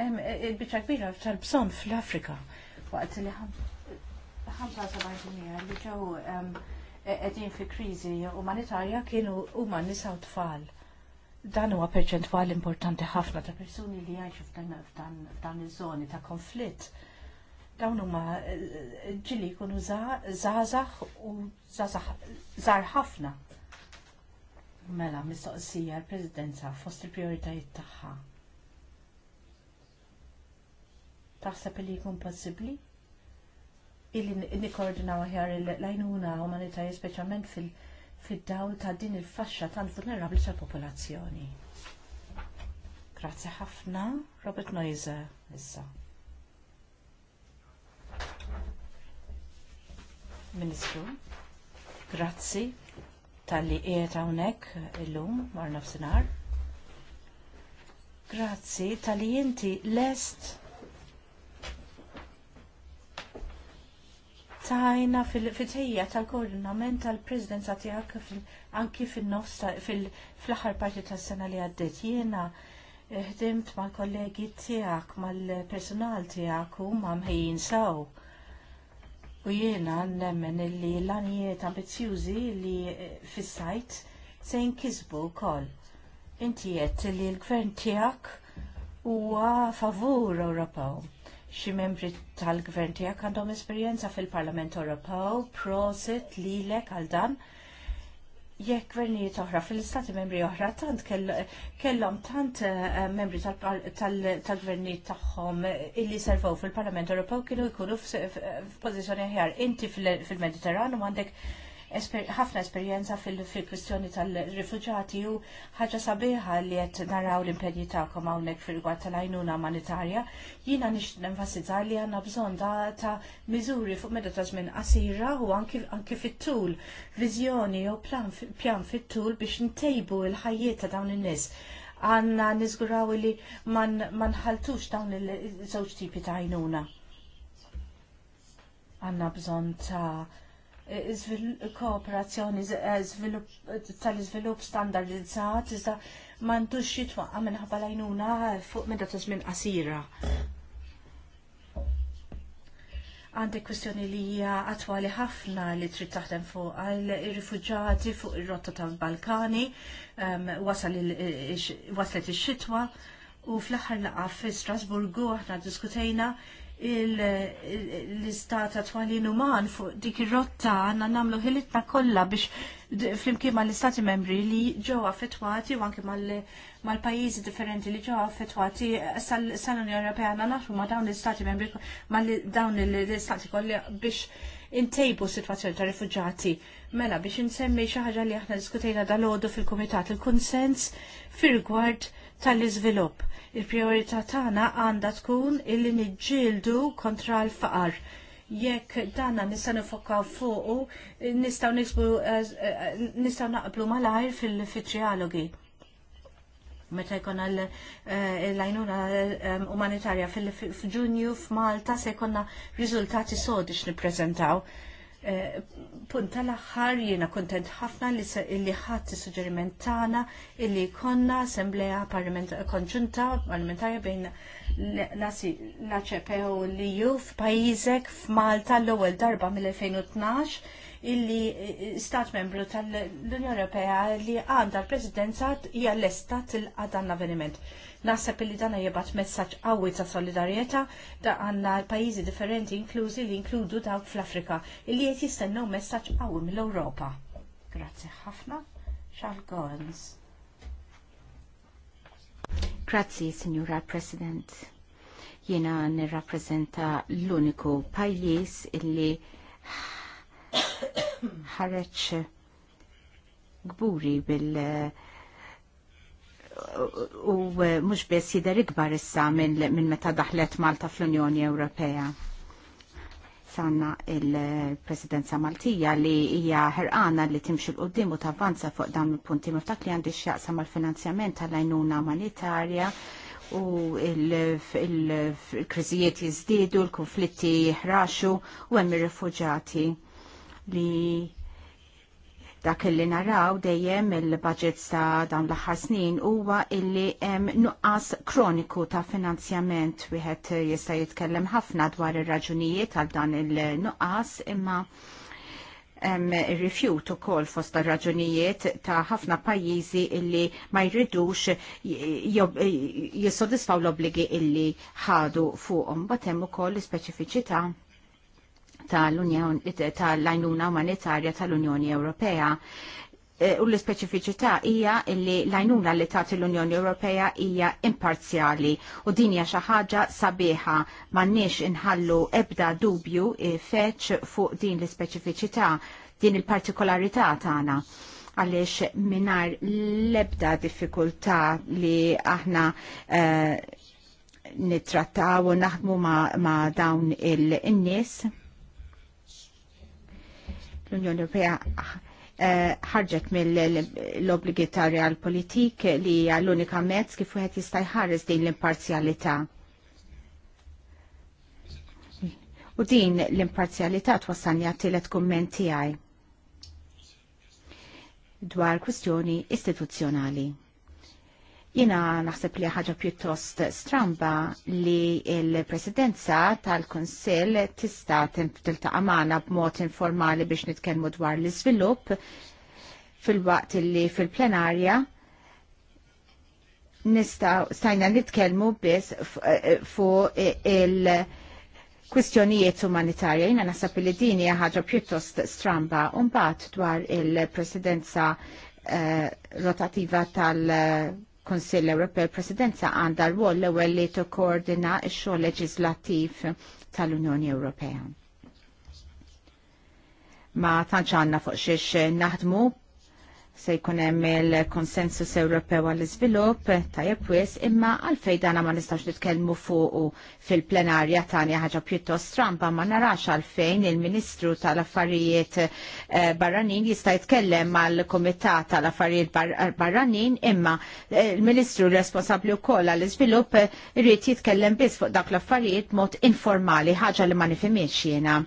D: E, e, bicċa kbira tal bżon fil afrika waqt li 70% li ġew qegħdin e, fi kriżi umanitarja kienu huma nisa u tfal. Dan huwa perċentwal importanti ħafna ta' persuni li jgħixu f'dan iż-żoni ta' konflitt. Dawn huma ġili jkunu żgħażagħ u żgħar ħafna Mela, mistoqsija l-Presidenza fost il-prioritajiet tagħha. Taħseb li jkun possibbli? Illi nikkoordinaw aħjar l-għajnuna umanitarja speċjalment fid-dawl ta' din il-faxxa tal-vulnerabbli tal-popolazzjoni. Grazzi ħafna, Robert Noiser, issa. Ministru, grazzi tal-li qiegħed hawnhekk illum mar nofsinhar. Grazzi tal-li inti lest tajna fil fitħija tal-koordinament tal presidenza tiegħek anki fin-nofs fil-aħħar parti tas-sena li għaddiet jiena ħdimt mal-kollegi tiegħek mal-personal tiegħek huma mħejjin sew U jiena nemmen li l-għanijiet ambizjużi li eh, fis-sajt se jinkisbu wkoll. Inti qed li l-gvern tiegħek huwa favur Ewropew. Xi membri tal-gvern tiegħek għandhom esperjenza fil-Parlament Ewropew, prosit lilek għal dan jekk gvernijiet oħra fil-istati membri oħra tant kellhom tant eh, membri tal-gvernijiet tagħhom illi servew fil-Parlament Ewropew kienu jkunu f'pożizzjoni aħjar. Inti fil-Mediterranu għandek ħafna esperjenza fil-kwistjoni tal-rifuġati u ħaġa sabiħa li qed naraw l-impenji tagħkom hawnhekk fil-rigward tal-għajnuna umanitarja. Jiena nix nenfasizza li għandna bżonn ta' miżuri fuq meta ta' żmien qasira u anke fit-tul, viżjoni jew pjan fit-tul biex ntejbu l-ħajjiet ta' dawn in-nies għanna nizguraw li nħaltux dawn il-żewġ tipi ta' għajnuna. Għanna bżon ta' kooperazzjoni tal eh, izvilup standardizzat, iżda mandux jitwaqqa minħabba ħabalajnuna fuq minn ta' żmien qasira. Għandek kwestjoni li hija attwali ħafna li trid taħdem fuq għal rifuġati fuq ir-rotta tal-Balkani, ehm, waslet ix-xitwa u fl-aħħar laqgħa fi Strasburgu aħna diskutejna l-istat twalin uman fuq dik ir-rotta għanna namlu ħilitna kollha biex flimkien mal istati membri li ġew affettwati u anke mal-pajjiżi differenti li ġew affettwati sal-Unjoni Ewropea għandna naħru ma' dawn l-istati membri ma' dawn l-istati kollha biex intejbu situazzjoni ta' rifugġati. Mela biex insemmi xi ħaġa li aħna diskutejna dal-għodu fil-Kumitat il-Kunsens fir-rigward fil kumitat il konsens fir rigward tal-iżvilupp. Il-priorità tagħna għandha tkun illi niġġieldu kontra l-faqar. Jekk danna nistgħu nifokaw fuq, nistgħu nisbu eh, nistgħu naqblu malajr fil-trialogi meta jkun eh, l-għajnuna eh, umanitarja fil-ġunju f'Malta se jkollna riżultati sodi nippreżentaw. Eh, Punta l-axħar jiena kontent ħafna li ħadd is-suġġeriment tagħna illi konna assembleja konġunta parlamentarja bejn l-ACP u l-EU f'pajjiżek f'Malta l-ewwel darba mill-2012 illi eh, stat membru tal-Unjoni Ewropea li għandha l-Presidenza hija l-estat il qadan avveniment Naħseb li dan jibat messaġġ qawwi ta' solidarjetà da għandna pajjiżi differenti inklużi li inkludu dawk fl-Afrika illi qed jistennew messaġġ qawwi mill-Ewropa. Grazzi ħafna.
E: Charles Goins. Grazzi, Signora President. Jiena nirrappreżenta l-uniku pajjiż illi ħareġ gburi bil- uh, u mhux biss jidher ikbar issa minn meta daħlet Malta fl-Unjoni Ewropea sanna il-presidenza Maltija li hija ħerqana li timxi l qoddim u tavvanza fuq dawn il-punti miftak li għandi xjaqsa mal-finanzjament tal-għajnuna umanitarja u il-kriżijiet jizdidu, l konflitti jihraxu u hemm ir-refuġati li Dak illi naraw dejjem il-budget ta' dawn l-aħħar snin huwa illi hemm nuqqas kroniku ta' finanzjament wieħed jista' jitkellem ħafna dwar ir-raġunijiet għal dan il-nuqqas imma rifjut u kol fost raġunijiet ta' ħafna pajjiżi illi ma jridux jissodisfaw l-obligi illi ħadu fuqom batem u kol l ispeċifiċità tal-għajnuna umanitarja tal-Unjoni Ewropea. E, u l-speċifiċità hija li l-għajnuna li tagħti l-Unjoni Ewropea hija imparzjali u din hija xi ħaġa sabiħa m'għandniex inħallu ebda dubju e, feċ fuq din l-speċifiċità din il-partikolarità tagħna għaliex minar l-ebda diffikultà li aħna e, nittrattaw u naħdmu ma, ma dawn il-nies. il nies L-Unjoni Ewropea eh, ħarġet mill obligatorja ta' politik li hija l-unika mezz kif wieħed jista' jħares din l-imparzjalità. U din l-imparzjalità wassanja t tielet kumment tiegħi dwar kwistjoni istituzzjonali. Jina naħseb li ħaġa pjuttost stramba li il-presidenza tal-Konsil tista tiltaqa' magħna b'mod informali biex nitkellmu dwar l-iżvilupp fil-waqt li fil-plenarja nista stajna nitkellmu biss fuq il- kwistjonijiet umanitarja jina naħseb li din hija ħaġa pjuttost stramba u mbagħad dwar il-presidenza eh, rotativa tal- Konsill Ewropew Presidenza għandha rwol l-ewwel li tikkoordina x-xogħol leġislattiv tal-Unjoni Ewropea. Ma tantx għandna fuq xiex naħdmu se jkun hemm il-konsensus Ewropew għall-iżvilupp tajjeb wis imma għalfejn dana ma nistax nitkellmu fuq fil-plenarja tani ħaġa pjuttost stramba ma narax għalfejn il-Ministru tal-Affarijiet eh, Barranin jista' jitkellem mal-Kumitat tal-Affarijiet Barranin imma eh, il-Ministru responsabbli wkoll għall-iżvilupp irid jitkellem biss fuq dak l-affarijiet mod informali ħaġa li ma nifhimiex jiena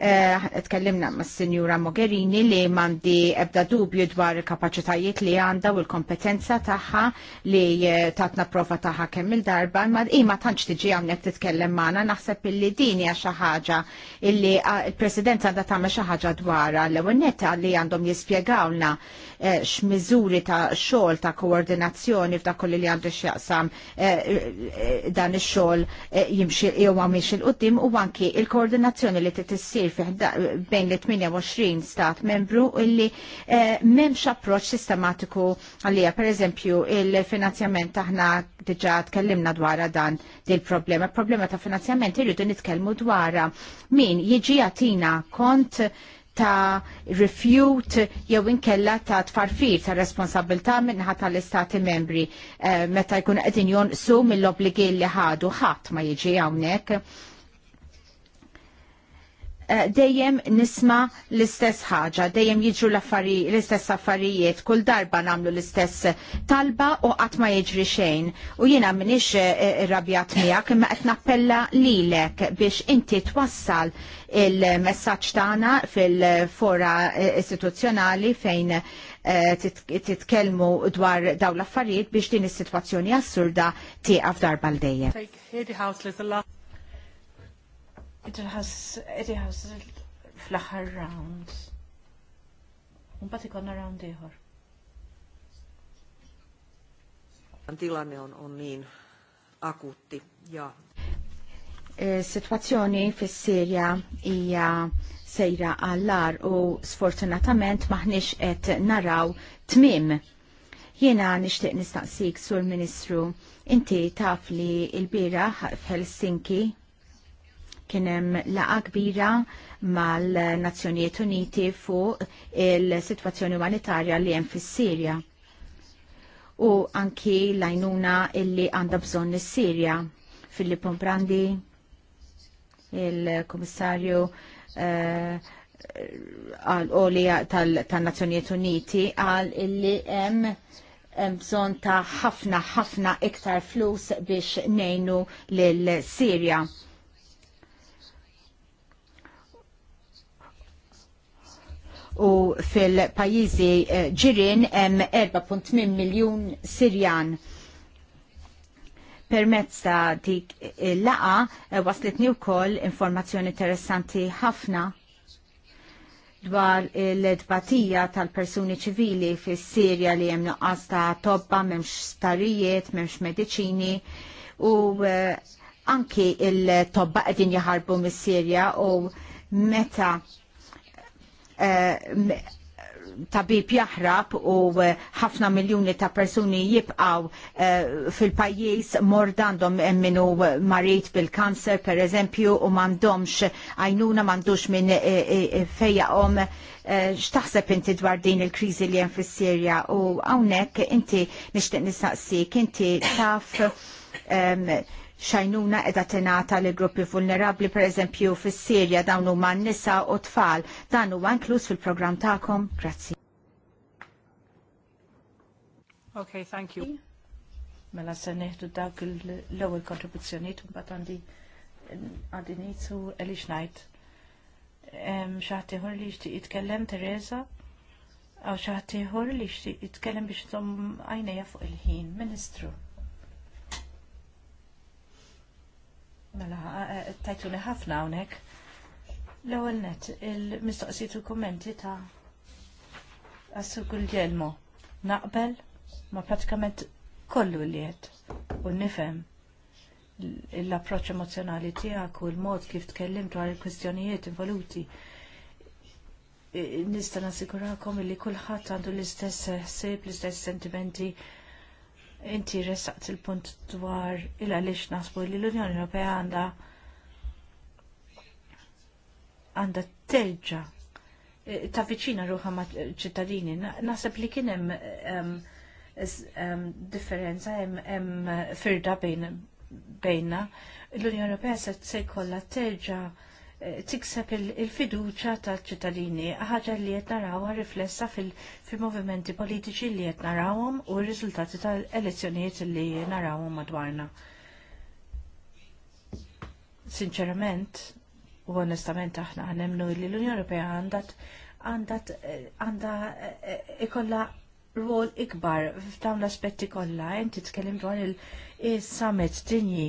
E: Eh, tkellimna ma' Sinjura Mogherini li mandi ebda dubju dwar il-kapacitajiet li għanda u l-kompetenza taħħa li eh, tatna prova taħħa kemm il-darba. Ma' ima tantx tiġi għamnek titkellem maħna naħseb illi dini għaxa ħaġa illi il-presidenza għanda tamme xaħġa dwarra l-ewenetta li għandhom x eh, x'miżuri ta' xogħol ta' koordinazzjoni f'da kolli li għandu x'jaqsam dan ix-xogħol jimxi jew mhix il-qudiem u anki il-koordinazzjoni li tissir isir bejn l-28 stat membru illi eh, memx approċ sistematiku għalija. Per eżempju, il-finanzjament taħna diġa tkellimna dwara dan dil problema problema ta' finanzjament irridu nitkellmu dwara min jiġi għatina kont ta' refute jew inkella ta' tfarfir ta' responsabilità minnaħa tal-istati membri eh, meta jkun qegħdin jonqsu mill-obligi li ħadu ħadd ma jiġi hawnhekk Eh, dejjem nisma l-istess ħaġa, dejjem jiġu l-istess affarijiet, kull darba namlu l-istess talba u qatt ma jiġri xejn. U jiena m'iniex irrabjat eh, eh, miegħek imma qed nappella lilek biex inti twassal il-messaġġ tagħna fil-fora istituzzjonali fejn titkellmu dwar dawn l-affarijiet biex din is-sitwazzjoni assurda tieqa f'darba
D: l-dejjem. Itħas fl-axar un Unbat ikonna round iħor.
B: Tilanne on, on niin
D: akuutti ja
E: e, Situazzjoni fis-Sirja hija sejra għallar u sfortunatament maħniex qed naraw tmim Jiena nixtieq nistaqsik sur Ministru, inti taf li l-biraħ f'Helsinki kienem laqa kbira mal-Nazzjonijiet Uniti fuq il-situazzjoni umanitarja li hemm fis-Sirja u anki l-għajnuna illi għanda bżonn is-Sirja. Filippo Brandi, il-Komissarju uh, eh, għal oli tal-Nazzjonijiet Uniti għal illi hemm bżon ta' ħafna ħafna iktar flus biex nejnu l Sirja u fil-pajizi eh, ġirin hemm 4.8 miljun Sirjan permezz ta' dik il-laqa eh, waslitni wkoll informazzjoni interessanti ħafna dwar l-edbatija tal-persuni ċivili fis sirja li hemm nuqqas ta' tobba, m'hemmx starijiet, m'hemmx mediċini u eh, anki il-tobba qegħdin jaħarbu mis-Sirja u meta Eh, tabib jaħrab u eh, ħafna miljoni ta' persuni jibqaw eh, fil-pajis mordandom minnu marit bil-kanser per eżempju u mandomx għajnuna mandux minn e, om xtaħseb inti dwar din il-krizi li jen fil-Sirja u għawnek inti nishtiq nisaqsik inti taf xajnuna edha tenata li gruppi vulnerabli per eżempju fis-Sirja dawn huma nisa u tfal. Dan huwa inkluż fil-programm tagħkom. Grazzi.
D: Okay, thank you. Mela se neħdu dawk l-ewwel kontribuzzjonijiet u mbagħad għandi għandi nitsu Eli Schneid. Xaħtiħor li jixtieq jitkellem Teresa? Għaw xaħtiħor li jixtieq jitkellem biex tom għajnejja fuq il-ħin, Ministru. Mela, eh, eh, tajtuni ħafna hawnhekk. L-ewwel net, il mistoqsitu kommenti kummenti ta' kull ġelmo Naqbel ma' pratikament kollu li jett. u nifem l-approċċ emozjonali tiegħek u l-mod kif tkellim dwar il-kwistjonijiet involuti. Nista' nasikurakom li kulħadd għandu l-istess ħsieb, l-istess sentimenti, Inti ressaqt il-punt dwar il-għalix nasbu li l-Unjoni Ewropea għanda għanda terġa e, ta' viċina ruħa ma' ċittadini. Nasab li kienem hemm differenza hemm firda
G: bejna.
D: L-Unjoni Ewropea se jkollha terġa' Eh, tikseb il-fiduċa il tal ċittadini ħaġa li qed narawha riflessa fil-movimenti politiċi li qed narawhom u r-riżultati tal-elezzjonijiet li narawhom madwarna. Sinċerament, u onestament aħna nemnu li l-Unjoni Ewropea għandat għandha eh, ikolla rwol ikbar f'dawn l-aspetti kollha, inti tkellim dwar il-summit dinji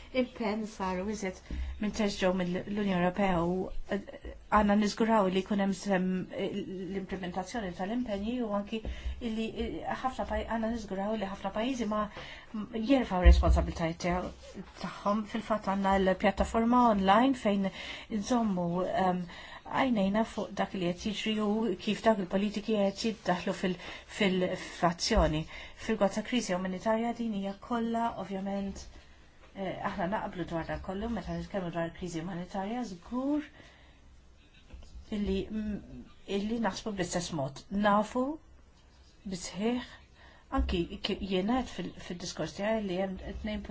D: il-pen saru iżet minn terġġew mill-Unjoni Ewropea u eh, għanna niżguraw li jkun hemm eh, l-implementazzjoni tal-impenji u anki li eh, ħafna għanna niżguraw li ħafna pajjiżi ma jirfaw responsabiltajt tagħhom fil-fatt għandna l-pjattaforma online fejn nżommu ehm, għajnejna fuq dak li qed jiġri u kif dak il-politiki qed daħlu fil fazzjoni Fil-gwatt krizi kriżi umanitarja din hija kollha ovvjament Eh, aħna naqblu dwar dak kollu meta nitkellmu dwar kriżi umanitarja żgur illi mm, illi naħsbu bl-istess mod. Nafu bisħiħ anki jiena fil-diskors tiegħi li hemm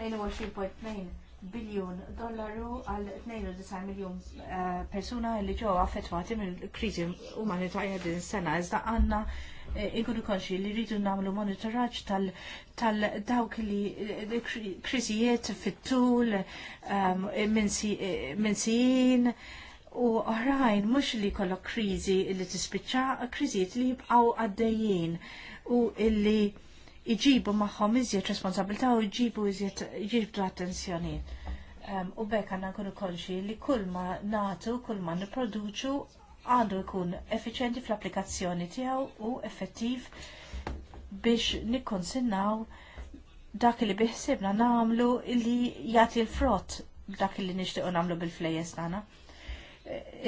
D: 2.22.2 biljun dollaru għal 92 miljon eh, persuna li ġew affettwati mill-kriżi umanitarja din sena. Iżda għandna eh, inkunu konxi li rridu nagħmlu monitoraġġ tal-dawk li eh, kriżijiet fit-tul ehm, sijin u oħrajn mhux li kollok kriżi li tispiċċa, kriżijiet li jibqgħu għaddejjin u illi iġibu magħhom iżjed responsabilità u jġibu iżjed iġibdu attenzjoni. U bekk għandna nkunu konxi li kull ma nagħtu, kull ma nipproduċu għandu jkun effiċenti fl-applikazzjoni tiegħu u effettiv biex nikkonsinnaw dak li biħsibna nagħmlu li jagħti l-frott dak li nixtiequ nagħmlu bil-flejjes tagħna.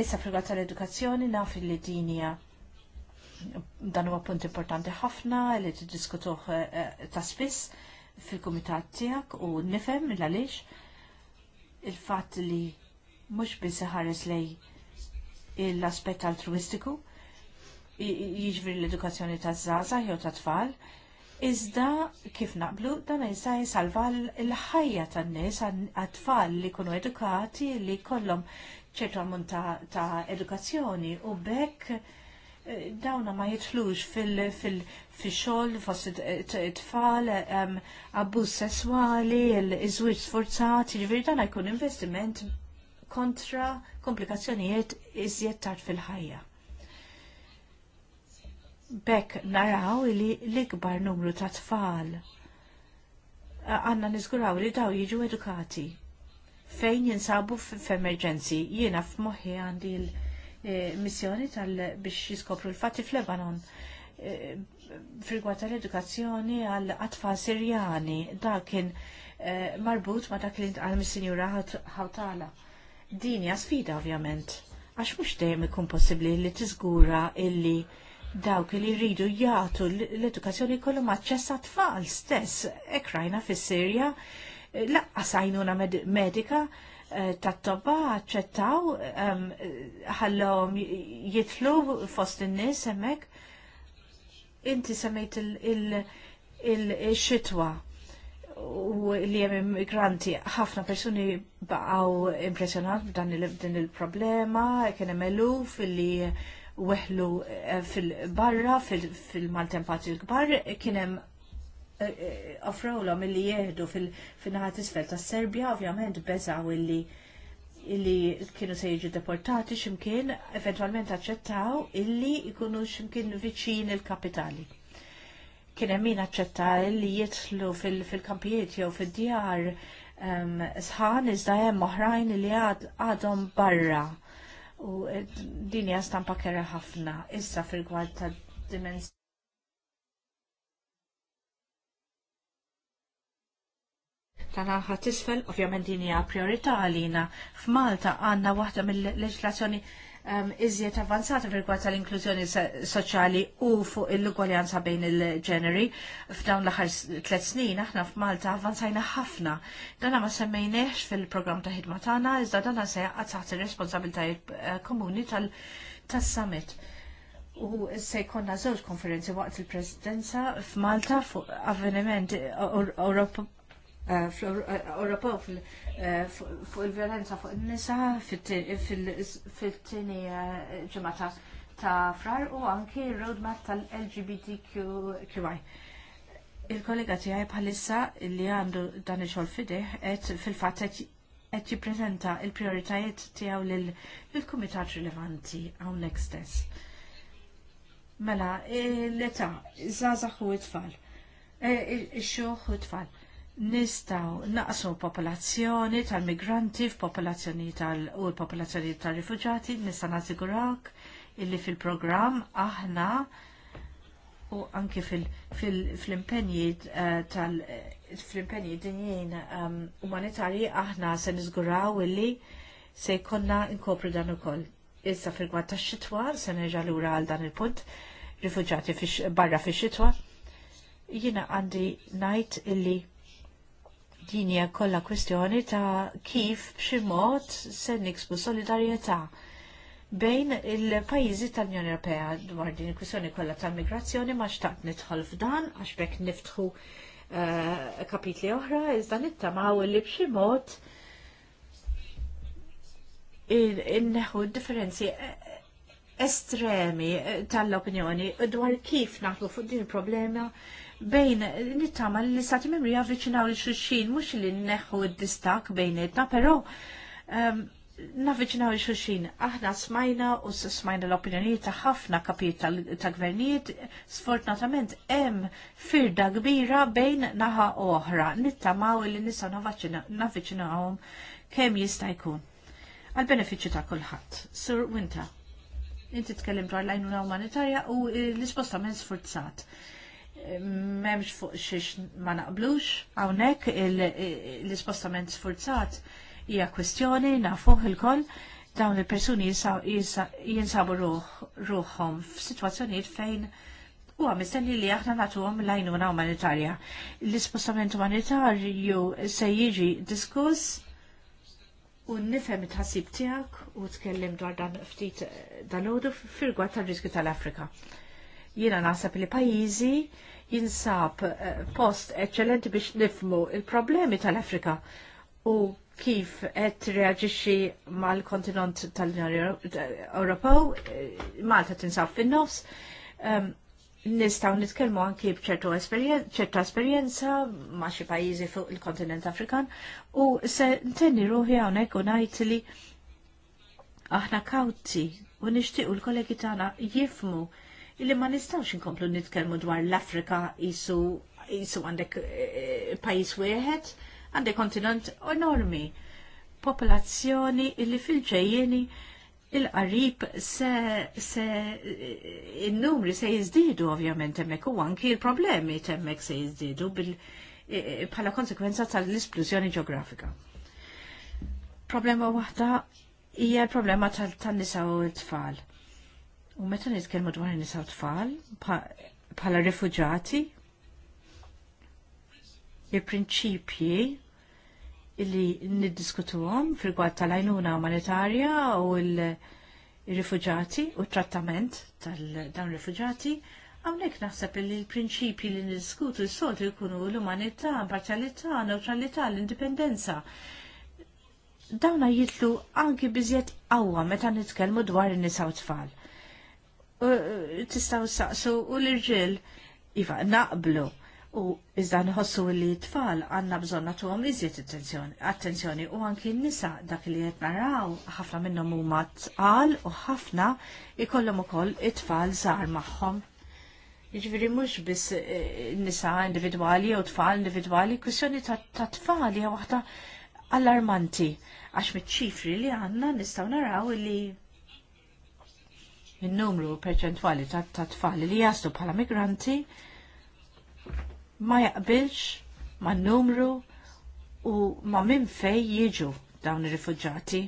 D: Issa fil tal-edukazzjoni naf li dinja dan huwa punt importanti ħafna li tiddiskutuh eh, ta' spiss fil-kumitat tiegħek u nifhem l-għaliex il-fatt li mhux biss ħares lej l-aspett altruistiku jiġri l-edukazzjoni ta' żgħażagħ jew ta' tfal, iżda kif naqblu dan jista' jisalva l-ħajja tan-nies għat-tfal li jkunu edukati li kollhom ċertu ammont ta' edukazzjoni u bekk dawna ma jitflux fil-xol, fost it-tfal, abbuż sessuali, l-izwiġ sforzat, ġivir dana jkun investiment kontra komplikazzjonijiet iżjed tard fil-ħajja. Bekk naraw li l-ikbar numru ta' tfal għanna nizguraw li daw jiġu edukati fejn jinsabu f'emerġenzi jiena f'moħħi għandi l- missjoni tal biex jiskopru l-fatti fl-Lebanon eh, frigwata tal-edukazzjoni għal atfal sirjani dakin eh, marbut ma dak li għal mis-sinjura ħawtala. Din hija sfida ovvjament, għax mhux dejjem ikun possibbli li tiżgura illi dawk li jridu jagħtu l-edukazzjoni jkollhom aċċess għat-tfal stess, ekrajna fis-Sirja, eh, laqqa sajnuna medika, med Eh, tat-toba aċċettaw ehm, eh, ħallhom jitlu fost in-nies hemmhekk. Inti semmejt il-xitwa u li hemm immigranti ħafna persuni baqgħu impressjonat b'dan din il-problema, kien hemm eluf li weħlu eh, fil-barra fil-maltempati l-kbar, kien hemm offrawlhom illi jieħdu fil-naħat isfel tas-Serbja, ovvjament beżaw illi illi kienu se jiġu deportati ximkien, eventualment aċċettaw illi jkunu ximkien viċin il-kapitali. Kien hemm min aċċetta illi jitlu fil-kampijiet jew fid-djar ehm, sħan iżda hemm oħrajn li għadhom barra. U eh, din hija stampa kera ħafna issa fil gwalt ta' dimensjoni tal-aħħa tisfel, ovvjament din hija priorità għalina. F'Malta għandna waħda mill-leġislazzjoni ehm, iżjed avanzata rigward tal-inklużjoni soċjali u fuq il-ugwaljanza bejn il-ġeneri. F'dawn l-aħħar tliet snin aħna f'Malta avvanzajna ħafna. Dana ma semmejniex fil-programm ta' ħidma tagħna, iżda dana se taħt ir-responsabiltajiet eh, komuni tal-summit. U se jkonna żewġ konferenzi waqt il-presidenza f'Malta fuq avveniment eh, Ewropew eh, fuq il-violenza fuq in-nisa fit-tieni eh, ġemata ta' frar u anki roadmap tal-LGBTQI. Il-kollega għaj palissa li għandu dan ix-xogħol et fil fil-fatt qed il l-prijoritajiet tiegħu lill-kumitat rilevanti hawnhekk stess. Mela, l eta zazax u it tfal eh, il xuħ u it tfal nistaw naqsu popolazzjoni tal-migranti f'popolazzjoni tal- u l-popolazzjoni tal-rifuġati nista' nażigurak illi fil-programm aħna u anki fil-impenji eh, tal- fl-impenji dinjin ehm, umanitarji aħna se niżguraw illi se jkollna inkopru dan ukoll. Issa fil-gwad tax-xitwa se nerġa' lura għal dan il-punt rifuġati barra fix-xitwa. Jiena għandi ngħid illi Din hija kollha kwestjoni ta' kif b'xi mod se niksbu solidarjetà bejn il pajizi tal-Unjoni Ewropea dwar din il kwestjoni kollha tal-migrazzjoni ma xtaqt nidħol f'dan għax bekk niftħu eh, kapitli oħra iżda nittamaw li b'xi mod neħu differenzi estremi eh, tal-opinjoni dwar kif naħlu fuq din il-problema bejn nittama li l-istati membri javvicinaw li xuxin mux li neħu id-distak bejnietna, pero um, ehm, navvicinaw li xuxin. Aħna smajna u smajna l-opinjoni ta' ħafna kapiet ta' gvernijiet, sfortunatament em firda kbira bejn naħa oħra. u li nisa navvicinawhom kemm jista' jkun. Għal-beneficju ta' kulħadd. Sur Winta. Inti tkellim dwar l-għajnuna umanitarja u eh, l-ispostament sforzat. Memx fuq xiex ma naqblux, għawnek eh, l-ispostament sforzat hija kwestjoni nafuħ il-koll dawn il-persuni jinsabu ruħom f'sitwazzjonijiet fejn u mistenni li aħna natuhom l-għajnuna umanitarja. L-ispostament umanitarju se jiġi diskuss u nifem it-ħassib tiegħek u t-kellim dwar dan ftit eh, dalodu firgwa tal-riskju tal-Afrika. Jiena naħseb li pajjiżi jinsab eh, post eccellenti biex nifmu il-problemi tal-Afrika u kif qed reagixi mal-kontinent tal-Unjoni Ewropew, eh, Malta tinsab fin-nofs, ehm, nistaw nitkellmu anki bċertu ċertu esperjenza ma' xi pajjiżi fuq il-kontinent Afrikan u se ntenni ruħi hawnhekk u ngħid li aħna kawti u nixtiequ l-kollegi tagħna jifmu illi ma nistgħux inkomplu nitkellmu dwar l-Afrika isu għandek eh, pajjiż wieħed, għandek kontinent enormi, popolazzjoni illi fil-ġejjeni il-qarib se, se il-numri se jizdidu ovvjament temmek u anki il-problemi temmek se jizdidu e, e, bħala konsekwenza tal-isplużjoni ġeografika. Problema waħda hija l-problema tal-nisa u t-tfal. U meta nitkellmu dwar nisa u t-tfal bħala rifuġati, il-prinċipji illi niddiskutuhom fil-gwad tal-għajnuna umanitarja u l-rifuġati u trattament tal-dawn rifuġati Għawnek naħseb li l-prinċipi li niddiskutu s-soltu jkunu l-umanità, imparzialità, neutralità, l-indipendenza. Dawna jitlu anki biżjed qawwa meta nitkellmu dwar in-nisa u tfal. Tistgħu saqsu u l-irġiel iva naqblu u iżda nħossu li tfal għanna bżon natu iżjed attenzjoni, attenzjoni u anki n-nisa dak li qed naraw ħafna minnhom huma tqal u ħafna ikollhom ukoll it-tfal zaħar magħhom. Jiġifieri mhux biss eh, nisa individwali u tfal individwali, kwissjoni ta' tfal hija waħda allarmanti għax mit-ċifri li għandna nistgħu naraw li il-numru perċentwali ta' tfal li jaslu bħala migranti ma jaqbilx ma' numru u ma' minn fej jiġu dawn ir-rifuġġati.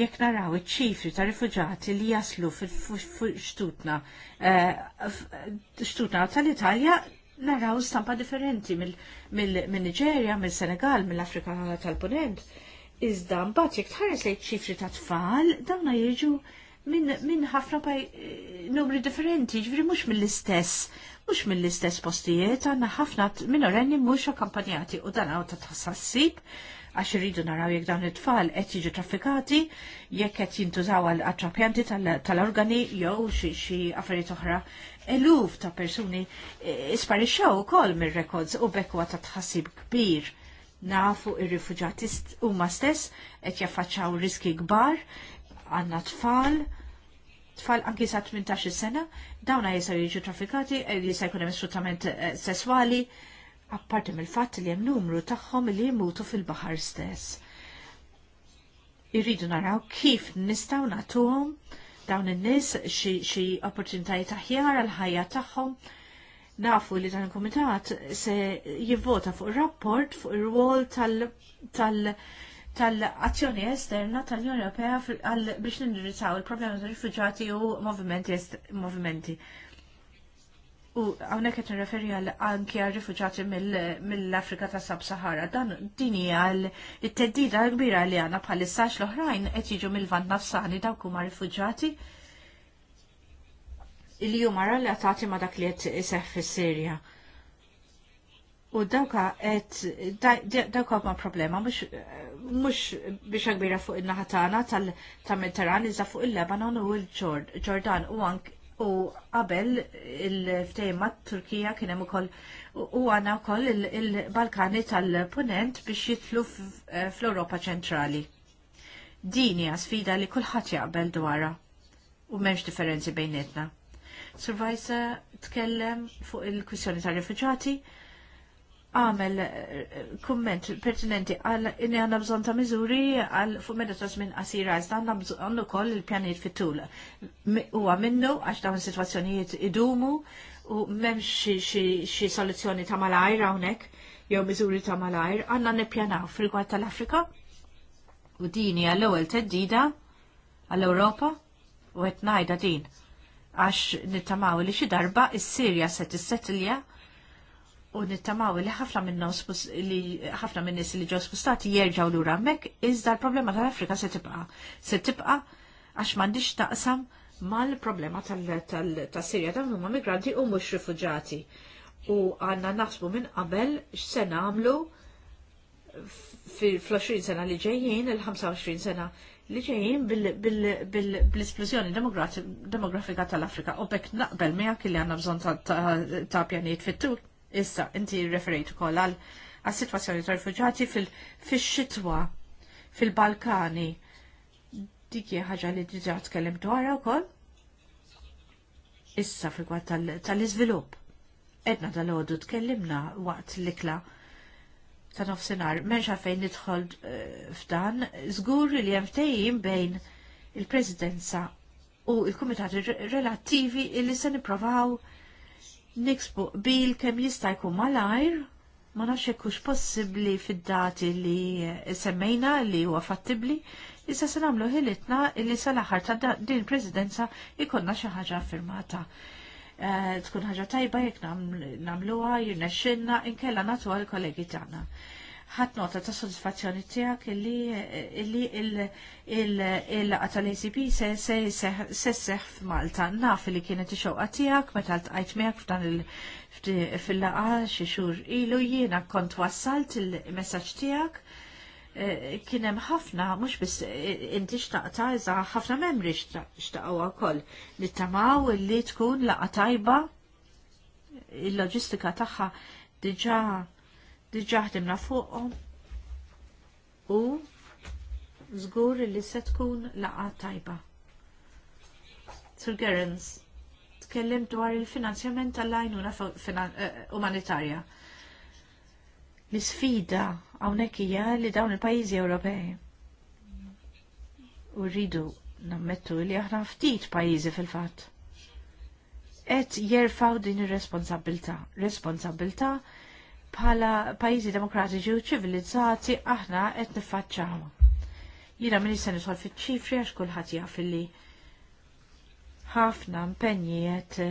D: Jekk naraw iċ-ċifri ta' rifuġġati li jaslu fil-xtutna, eh, xtutna tal-Italja naraw stampa differenti mill-Niġerja, mill-Senegal, mill-Afrika tal-Ponent. Iżda mbagħad jekk tħares li ċifri ta' tfal, dawna jiġu minn ħafna paj eh, numri differenti, ġviri mux mill-istess, mux mill-istess postijiet, għanna ħafna minorenni mux akkampanjati u dan għaw ta' tħassassib, għax rridu naraw jekk dawn it-tfal qed jiġu traffikati, jekk qed jintużaw għal attrapjanti tal-organi jew xi affarijiet oħra. Eluf ta' persuni eh, isparixxew ukoll mir-records u bekwa ta' tħassib kbir nafu ir-rifuġati huma stess qed jaffaċċaw riski kbar għanna tfal, tfal anki sa' 18 sena, dawna jisaw jiġu trafikati, eh, jisaw jkun hemm sfruttament eh, sesswali, apparti mill-fatt li hemm numru tagħhom li jmutu fil-baħar stess. Irridu naraw kif nistgħu nagħtuhom dawn in-nies xi opportunitajiet aħjar għall ħajja tagħhom nafu li dan il-komitat se jivvota fuq rapport fuq ir-rwol tal-, tal tal-azzjoni esterna tal-Unjoni Ewropea biex nindirizzaw il-problema tal rifuġati u movimenti. movimenti. U għawnek qed nirreferi għal anki għal rifuġati mill-Afrika ta' Sab-Sahara. Dan dini għal it-teddida kbira li għana bħal-issax l-oħrajn qed jiġu mill-vant nafsani dawk huma rifuġati li huma relatati ma' dak li qed iseħħ fis-Sirja. U dawka et, dawka ma problema, mux, biex kbira fuq il-naħatana tal-Mediterran, iżda fuq il-Lebanon u il-Ġordan u ank u qabel il-ftejma Turkija kienem u koll u għana u koll il-Balkani tal-Punent biex jitlu fl-Europa ċentrali. Dini sfida li kullħat jaqbel dwara u m'hemmx differenzi bejnietna. Survajsa tkellem fuq il-kwissjoni tal-rifuġati, għamel eh, komment pertinenti għal inni għanna bżon ta' miżuri għal fuq meta ta' żmien qasir għazda għanna bżon ukoll il-pjanijiet fit-tul. Huwa minnu għax dawn is-sitwazzjonijiet idumu u m'hemmx xi soluzzjoni ta' malajr hawnhekk jew miżuri ta' malajr għandna nipjanaw fil-gwad tal-Afrika u dini għall-ewwel teddida għall-Ewropa u qed ngħidha din għax nittamaw li xi darba is-Sirja se tissettilja u nittamaw li ħafna minnom li ħafna minn nis li ġew spostati jerġgħu lura hemmhekk iżda l-problema tal-Afrika se tibqa' se tibqa' għax m'għandix taqsam mal-problema tas-Sirja dawn huma migranti u mhux rifuġati. U għandna naħsbu minn qabel x'se nagħmlu fl-20 sena li ġejjin, il-25 sena li ġejjin bil-esplużjoni demografika tal-Afrika u bekk naqbel miegħek li għandna bżonn ta' pjanijiet fit-tul Issa, inti referejt ukoll għal situazzjoni sitwazzjoni ta' rifugġati fil-xitwa fil-Balkani. Dik hija ħaġa li diġà tkellem u wkoll. Issa fil għad tal-iżvilupp. Edna dal-għodu tkellimna waqt l-ikla ta' nofsinar, menx fejn nidħol eh, f'dan, zgur li jemtejjim bejn il-Presidenza u il-Komitati Relativi li se niprovaw nixbu bil kemm jista' jkun malajr, ma nafx hekk hux possibbli fid-dati li semmejna li huwa fattibbli, issa se nagħmlu ħilitna li sal-aħħar ta' din il presidenza ikonna xi ħaġa firmata. Eh, tkun ħaġa tajba jekk nagħmluha jirnexxinna inkella nagħtuha l-kollegi tagħna ħat nota ta' sodisfazzjoni tiegħek illi il-laqa tal-ACP se seħ f'Malta. Naf li kienet ix tiegħek meta ltqajt miegħek f'dan fil-laqa xi xhur ilu jiena kont wassalt il-messaġġ tiegħek eh, kien hemm ħafna mhux biss eh, inti xtaqta iżda ħafna membri xtaqgħu wkoll li tamaw li tkun laqa tajba il-loġistika tagħha diġà diġa ħdimna fuqhom u żgur li se tkun laqgħa tajba. Sir Gerens, tkellim dwar il-finanzjament tal-għajnuna eh, eh, umanitarja. L-isfida hawnhekk hija li dawn il-pajjiżi Ewropej. U rridu nammettu li aħna ftit pajjiżi fil-fatt. Et jerfaw din ir-responsabilità, responsabilità responsabilta bħala pajjiżi demokratiċi u ċivilizzati aħna qed niffaċċaw. Jiena minn se nidħol fiċ-ċifri għax kulħadd jaf li ħafna impenji qed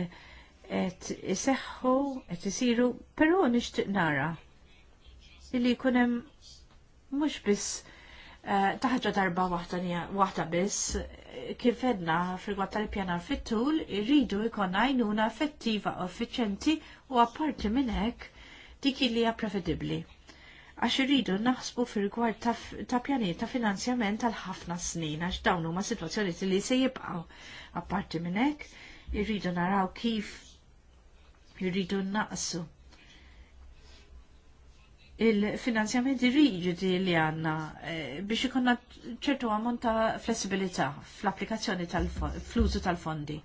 D: qed iseħħu, qed isiru, però nixtieq nara illi jkun hemm mhux biss eh, taħġa darba waħda biss, kif edna frigwat tal-pjanar fit-tul, irridu jkun għajnuna effettiva u effiċenti u apparti minn hekk dik li hija prevedibbli. Għax irridu naħsbu fir-rigward ta' pjanijiet ta' finanzjament għal ħafna snin għax dawn huma sitwazzjonijiet li se jibqgħu. Apparti minn hekk, irridu naraw kif irridu naqsu il-finanzjament irriġi li għanna eh, biex ikonna ċertu għamont ta' flessibilità fl-applikazzjoni tal-flużu tal-fondi.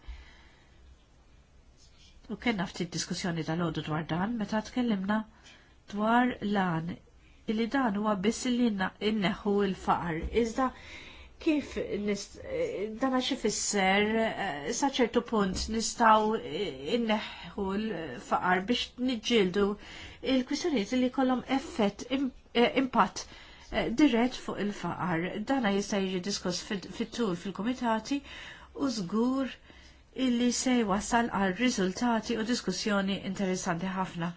D: U kena ftit diskussjoni tal ħodu dwar dan meta tkellimna dwar lan illi dan huwa biss li inneħu il-faqar. Iżda kif dan għax ifisser eh, saċertu punt nistaw inneħu l-faqar biex niġġieldu il-kwistjonijiet li kollom effett eh, impatt eh, dirett fuq il-faqar. Dana jista' jiġi diskuss fit-tul fil-kumitati u żgur illi se wasal għal riżultati u diskussjoni interessanti ħafna.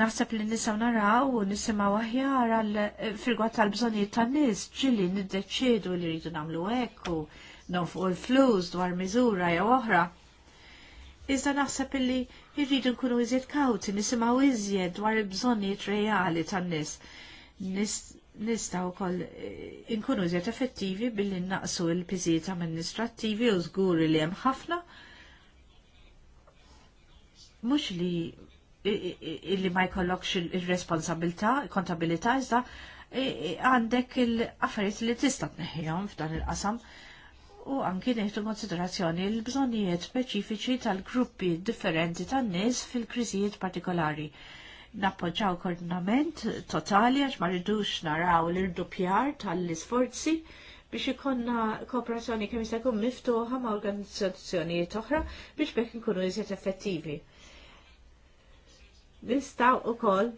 D: Naħseb li nisaw naraw u nisimaw aħjar għal eh, firgwa tal-bżonijiet tan-nies ġili niddeċiedu li rridu nagħmlu hekk u l flus dwar miżura jew oħra. Iżda naħseb li irridu nkunu iżjed kawti nisimgħu iżjed dwar il-bżonnijiet reali tan-nies nistaw kol eh, inkunu zjet effettivi billi naqsu il-piziet amministrativi u zguri li hemm ħafna mux li illi ma jkollokx il-responsabilta, kontabilità, iżda għandek il affariet li tista' tneħħihom f'dan il-qasam u anki neħtu konsiderazzjoni l-bżonnijiet speċifiċi tal-gruppi differenti tan-nies fil-kriżijiet partikolari nappoġġaw koordinament totali għax ma rridux naraw l-irdupjar tal-isforzi biex ikonna kooperazzjoni kemm jista' jkun miftuħa ma' organizzazzjonijiet oħra biex bekk inkunu iżjed effettivi. Nistgħu ukoll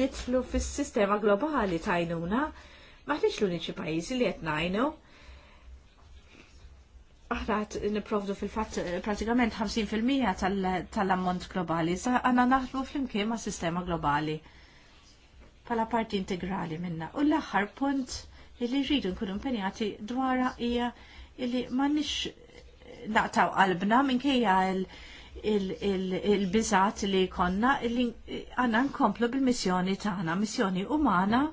D: nitlu fis-sistema globali tajnuna maħniex l-uniċi pajjiżi li qed ngħinu aħna niprofdu fil-fatt eh, pratikament 50% tal-ammont globali, sa għanna naħdmu fl-imkien ma' sistema globali pala parti integrali minna. U l-axar punt illi rridu nkunu impenjati dwara hija illi ma nix eh, naqtaw qalbna minkejja il-bizat li konna illi eh, għanna nkomplu bil-missjoni tagħna, missjoni umana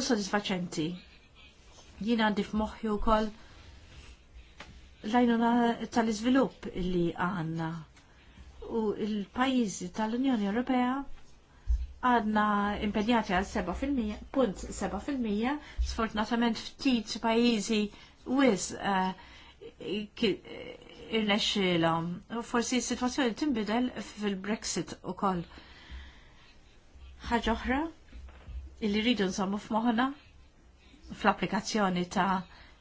D: u sodisfaċenti. Jina għandif f'moħħi wkoll lajnuna tal-izvilupp li għanna u il-pajizi tal-Unjoni Ewropea għadna impenjati għal 7%, punt 7%, sfortunatament ftit pajizi wis uh, irnexxilhom. Forsi s-sitwazzjoni tinbidel fil-Brexit ukoll. Ħaġa oħra illi rridu nsammu f'moħħna fl-applikazzjoni ta'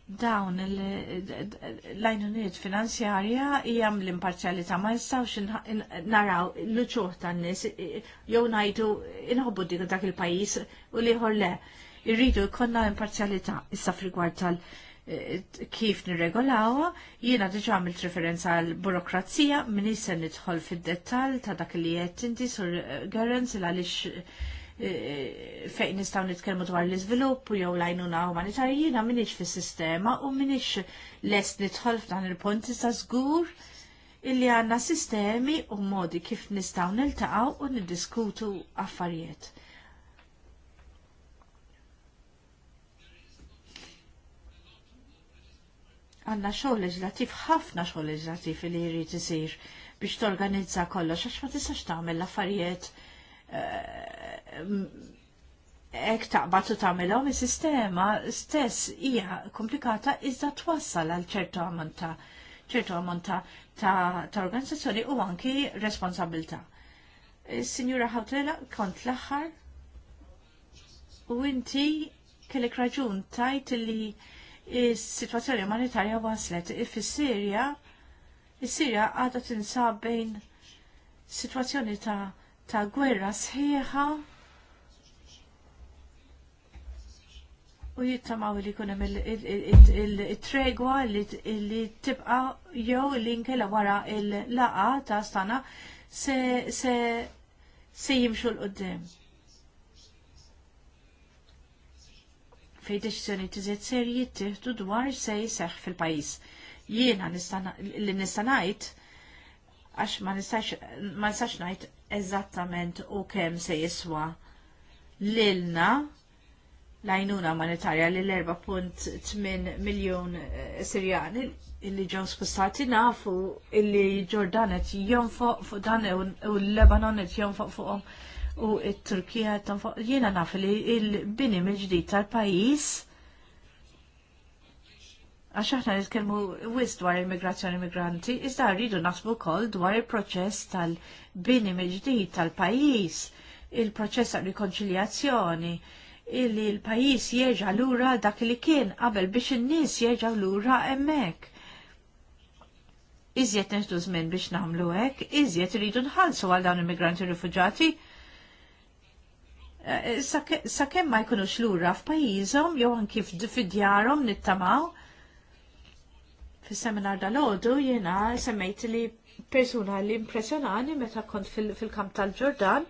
D: dawn l-għajnuniet finanzjarja jgħam l-imparċalità ma jistawx naraw l-ċuħ tan nis jew najdu inħobbu dik dak il-pajis u liħor le. Irridu jkollna imparċalità issa frigward tal kif nirregolawa, jiena diġa għamilt referenza għal burokrazija, minn se nidħol fid-dettal ta' dak li jett inti sur Gerens il għalix Eh, eh, fejn nistgħu nitkellmu dwar l-iżvilupp jew l-għajnuna umanitarjina m'iniex fis-sistema u m'iniex lest nidħol f'dan il-punt sa żgur illi għandna sistemi u modi kif nistgħu niltaqgħu u niddiskutu affarijiet. għanna xogħol leġislattiv ħafna xogħol leġislattiv li jrid isir biex torganizza kollox għax ma tistax tagħmel l-affarijiet ek taqbad u tagħmilhom is-sistema stess hija komplikata iżda twassal għal ċertu għamanta ta' ċertu għamanta ta' ta' organizzazzjoni u anki responsabilta. Eh, Signora sinjura kont l-aħħar u inti kellek raġun tajt li is-sitwazzjoni umanitarja waslet fis-Sirja is-Sirja għadha tinsab bejn sitwazzjoni ta' ta' gwerra sħiħa u jittamaw li kunem il-tregwa li tibqa jew li nkella wara il-laqa ta' stana se jimxu l-qoddim. fej deċizjoni tiżiet serji tiħdu dwar se jiseħ fil-pajis. Jiena li nistanajt, għax ma nistax najt eżattament u kemm se jiswa lilna l-għajnuna monetarja li l-4.8 miljon eh, Sirjan illi ġew spostati nafu illi Ġordanet jonfoq fuq dan u l-Lebanonet jonfoq fuqhom u t-Turkija jonfoq jiena naf li l-bini mill-ġdid tal-pajjiż Għax aħna nitkellmu wis dwar immigrazzjoni migranti, iżda rridu naħsbu wkoll dwar il-proċess tal-bini mill tal-pajjiż, il-proċess tal-rikonċiljazzjoni, illi l-pajjiż jerġa' lura dak li kien qabel biex in-nies jerġa' lura hemmhekk. Iżjed neħdu żmien biex nagħmlu hekk, iżjed iridu nħallsu għal dawn immigranti rifuġati, eh, eh, sakemm ma jkunux lura f'pajjiżhom jew anki f'djarhom nittamaw, fis-seminar dal-ħodu jena semmejt li persuna li impressionani meta kont fil-kamp fil tal-ġordan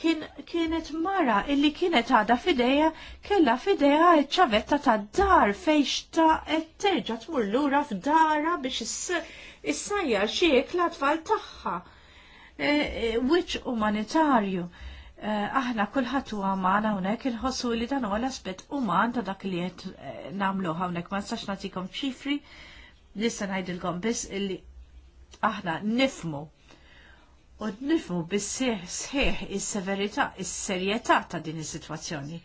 D: kien, kienet mara illi kienet għada fideja kella fideja ċavetta ta' dar fejx ta' terġa tmur lura f'dara biex issajjar xiek l-atfal tagħha. E, e, umanitarju. E, Aħna kulħadd għaman magħna hawnhekk inħossu li dan huwa l uman ta' dak li qed e, nagħmlu hawnhekk ma nistax nagħtikom ċifri Nissa ngħidilkom biss illi aħna nifmu u nifmu bis-sieħ sħiħ is-severità, is-serjetà ta' din is-sitwazzjoni.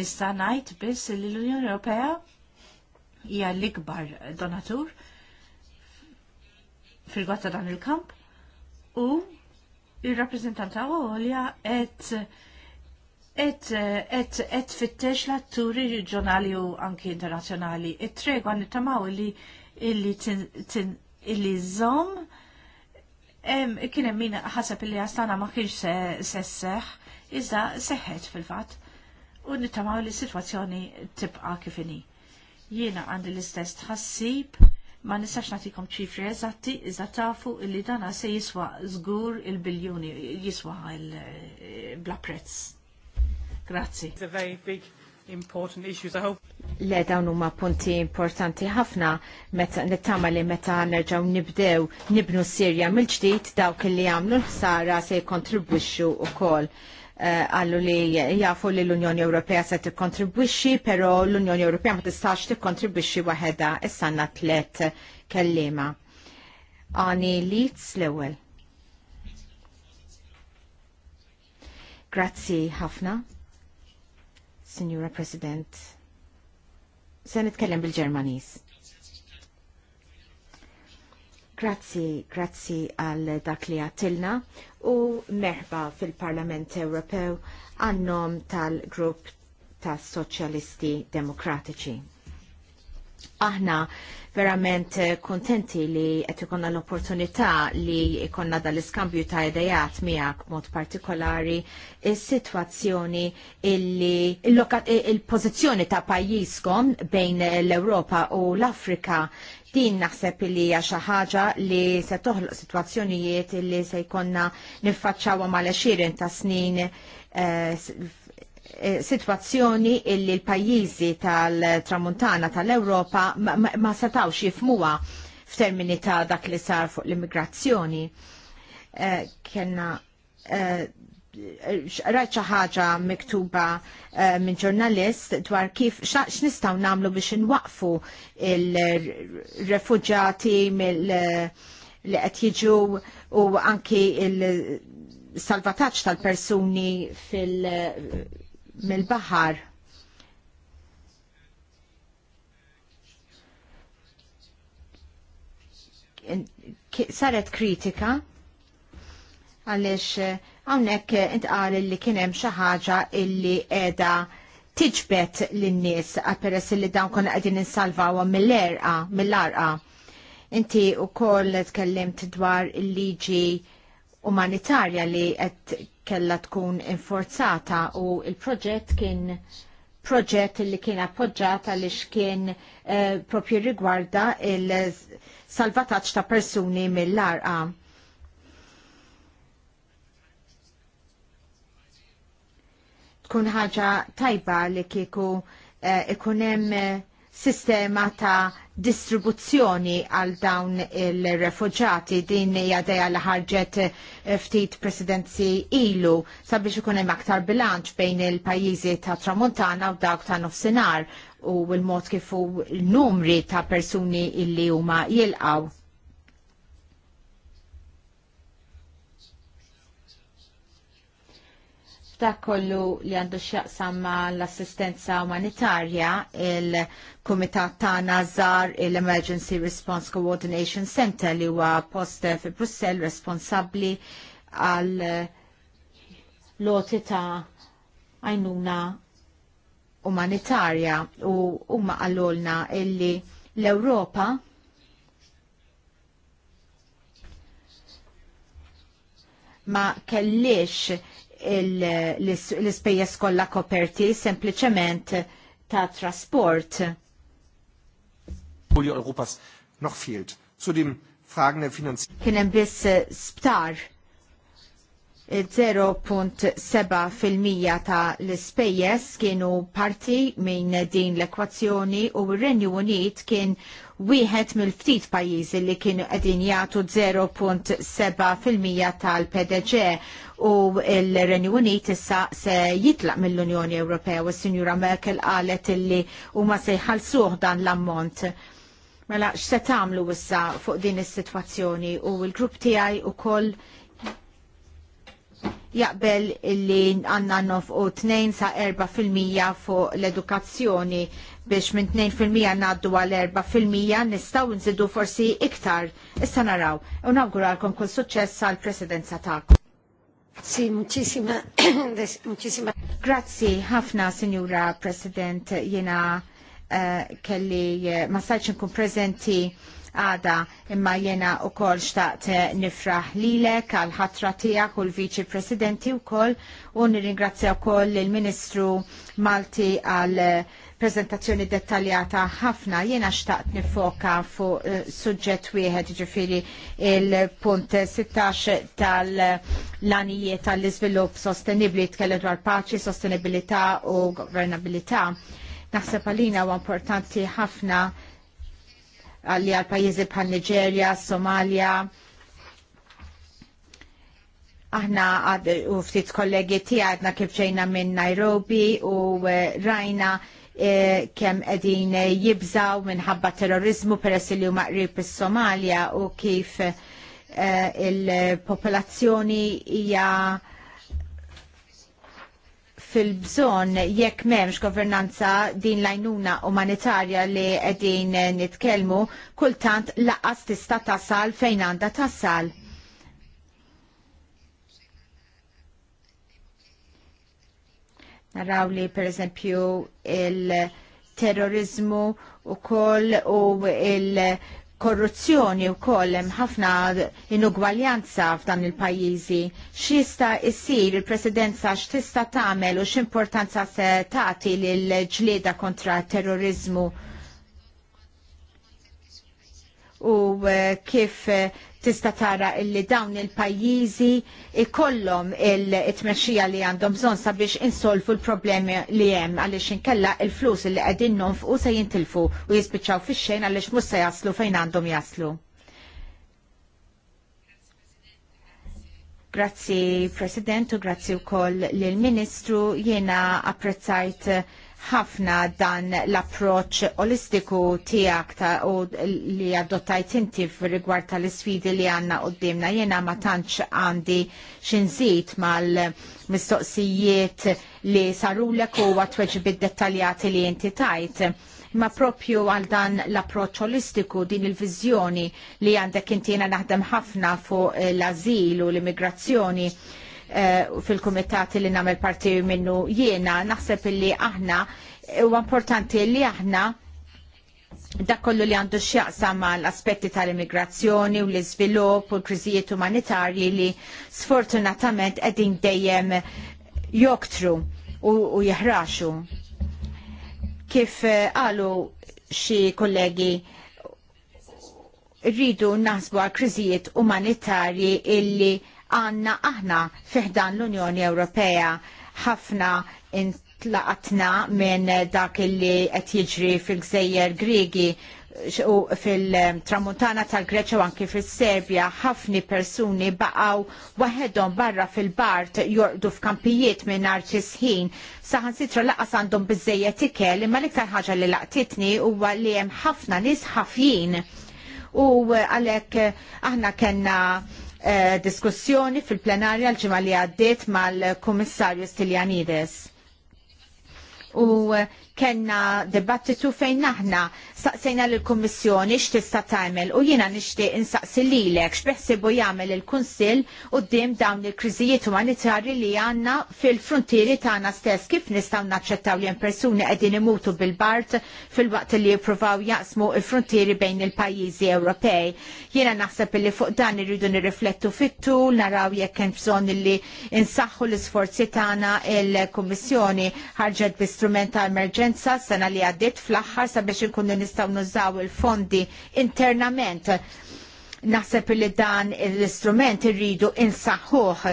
D: Nista' ngħid biss li l-Unjoni Ewropea hija l-ikbar donatur fil-gwatta dan il-kamp u il-rappresentanta għolja et et et et fittex l-atturi ġurnali u anki internazjonali. it tregu għan nittamaw li illi tin illi zom kien hemm min ħaseb illi għastana ma kienx se izda seħħet fil-fatt u nittamaw li situazzjoni tibqa' kifini. Jiena għandi l-istess tħassib ma nistax nagħtikom ċifri eżatti iżda tafu illi dana se jiswa żgur il-biljuni jiswa il eh, bla prezz.
A: Grazzi. It's a very big important issues. I hope
E: Le dawn huma punti importanti ħafna meta nittama li meta nerġgħu nibdew nibnu Sirja mill-ġdid dawk li għamlu l-ħsara se jkontribwixxu wkoll eh, għallu li jafu li l-Unjoni Ewropea se tikkontribwixxi, però l-Unjoni Ewropea ma tistax tikkontribwixxi waħedha issa għandna tliet kellima. Ani Leeds l-ewwel. Grazzi ħafna. Signora President. Se nitkellem bil-Ġermanis. Grazzi, grazzi għal dak li għatilna u merħba fil-Parlament Ewropew għannom tal-grupp ta' Soċjalisti Demokratiċi. Aħna verament kontenti li qed ikonna l-opportunità li ikonna dal-iskambju ta' idejat miegħek mod partikolari is-sitwazzjoni illi il-pożizzjoni ta' pajjiżkom bejn l-Ewropa u l-Afrika din naħseb li hija xi ħaġa li se toħloq sitwazzjonijiet illi se jkollna niffaċċawha għal għexieren ta' snin eh, Eh, situazzjoni illi l-pajjiżi tal-tramuntana tal-Ewropa ma, setawx jifmuha f'termini ta' dak li sar fuq l-immigrazzjoni. Eh, kenna eh, rajt xi ħaġa miktuba minn ġurnalist dwar kif x'nistgħu nagħmlu biex inwaqfu il-refuġjati mill li qed jiġu u anki il-salvataġġ tal-persuni fil- mill-baħar. Saret kritika għaliex eh, hawnhekk għal eh, li kien hemm xi ħaġa illi edha tiġbet lin-nies għaperess li dawn konna qegħdin insalvawhom mill-erqa, mill-arqa. Inti wkoll tkellimt dwar il-liġi umanitarja li qed kella tkun inforzata u il-proġett kien proġett li kien appoġġat għaliex kien eh, propju rigwarda il-salvataċ ta' persuni mill-arqa. Tkun ħaġa tajba li kieku eh, ikunem eh, sistema ta' distribuzzjoni għal dawn il-refugġati din jadeja li ħarġet eh, ftit presidenzi ilu sabiex ikun hemm aktar bilanċ bejn il-pajjiżi ta' tramuntana u dawk ta' nofsinhar u l-mod kif numri ta' persuni illi huma jilqaw. Dak kollu li għandu x'jaqsam ma' l-assistenza umanitarja, il-Kumitat tagħna żar il-Emergency Response Coordination Center li huwa post fi Brussell responsabbli għal loti ta' għajnuna umanitarja u huma għallolna illi l-Ewropa ma kellix l-ispejjeż kollha koperti sempliċement ta' trasport.
H: Uli Europas noch fehlt. Zu dem Fragen der Finanzierung.
E: Kien hemm biss sptar 0.7% ta' l-ispejjeż kienu parti minn din l-ekwazzjoni u r-Renju Unit kien wieħed mill-ftit pajjiżi li kienu qegħdin jagħtu 0.7% tal-PDG u l-Renju Unit issa se jitlaq mill-Unjoni Ewropea u s-Sinjura Merkel qalet illi huma se jħallsuh dan l-ammont. Mela x'se tagħmlu issa fuq din is-sitwazzjoni u l-grupp tiegħi ukoll jaqbel illi għanna nof u 2 sa 4% fuq l-edukazzjoni biex minn 2% naddu għal 4% nistaw nżidu forsi iktar. Issa naraw, unawguralkom kull suċċess għal presidenza tagħkom. Sì, muċissima, muċissima. Grazzi ħafna, Signora President, jena uh, eh, kelli eh, ma stajċ nkun prezenti għada imma jena u kol xtaqt eh, nifraħ lilek għal ħatra tijak u l-Viċi Presidenti u kol u nirringrazzja u kol l-Ministru Malti għal uh, prezentazzjoni dettaljata ħafna jiena xtaqt nifoka fuq eh, suġġett wieħed ġifiri il-punt 16 tal-lanijiet tal-iżvilupp sostenibli tkellem dwar paċi, sostenibilità u governabilità. Naħseb għalina huwa importanti ħafna għalli għal pajjiżi bħal Niġerja, Somalia, aħna u ftit kollegi tiegħna kif ġejna minn Nairobi u eh, rajna Eh, kemm qegħdin eh, jibżaw minħabba terrorizmu peress li huma qrib is-Somalja u kif eh, il-popolazzjoni hija fil-bżon jekk memx governanza din lajnuna umanitarja li edin nitkelmu, kultant laqqas tista tasal fejn għanda tasal. Naraw li per eżempju il-terrorizmu u koll u il-korruzzjoni u koll hemm ħafna inugwaljanza f'dan il-pajjiżi. X'jista' issir il-Presidenza x'tista' tagħmel u x'importanza se tagħti lil ġlieda kontra terrorizmu u eh, kif eh, tista tara illi dawn il-pajjiżi ikollhom il-tmexxija li għandhom bżonn sabiex insolfu l-problemi li hemm għaliex inkella il-flus li qegħdin nonfqu se jintilfu u jispiċċaw fix-xejn għaliex mhux se jaslu fejn għandhom jaslu. Grazzi President u grazzi wkoll lill ministru jiena apprezzajt ħafna dan l-approċ olistiku tiegħek ta' u li adottajt inti f'rigward tal isfidi li għandna qoddimna jiena ma tantx għandi xinżid mal-mistoqsijiet li sarulek u għatweġ tweġbid dettaljati li inti tajt ma propju għal dan l-approċ olistiku din il-vizjoni li għandek intina naħdem ħafna fuq l-azil u l-immigrazzjoni Eh, fil-kumitati li namel parti minnu jiena naħseb illi aħna u importanti li aħna da kollu li għandu xjaqsa ma l-aspetti tal-immigrazzjoni u l-izvilup u l-kriżijiet umanitarji li sfortunatament edin dejjem joktru u, jihraxu. Kif għalu eh, xi kollegi rridu naħsbu għal krizijiet umanitarji illi għanna aħna fiħdan l-Unjoni Ewropea ħafna intlaqatna minn dak li qed jiġri fil-Gżejjer Griegi u fil-tramuntana tal-Greċa u anki fil-Serbja ħafni persuni baqaw waħedhom barra fil-bart jorqdu f'kampijiet minn arċisħin saħan sitra laqas għandhom bizzejiet ikel imma l-iktar ħaġa li laqtitni huwa li hemm ħafna nies ħafjin u għalhekk aħna kellna Eh, diskussjoni fil-plenarja l-ġimgħa li għaddiet mal-Kummissarju Stiljanides. U eh, kellna dibattitu fejn aħna Saqsejna l-Kommissjoni x'tista' tagħmel u jiena nixtieq insaqsi lilek x'beħsibu jagħmel il-Kunsill quddiem dawn il-kriżijiet umanitarji li għandna fil-frontieri tagħna stess kif nistgħu naċċettaw li persuni qegħdin imutu bil-bart fil-waqt li jippruvaw jaqsmu il-frontieri bejn il-pajjiżi Ewropej. Jiena naħseb li fuq dan irridu nirriflettu fit-tul, naraw jekk hemm bżonn li insaħħu l-isforzi tagħna il-Kummissjoni ħarġet bi strument ta' emerġenza sena li għaddiet fl-aħħar sabiex inkunu nistaw nużaw il-fondi internament. Naħseb li dan l-istrument irridu insaħħuħ.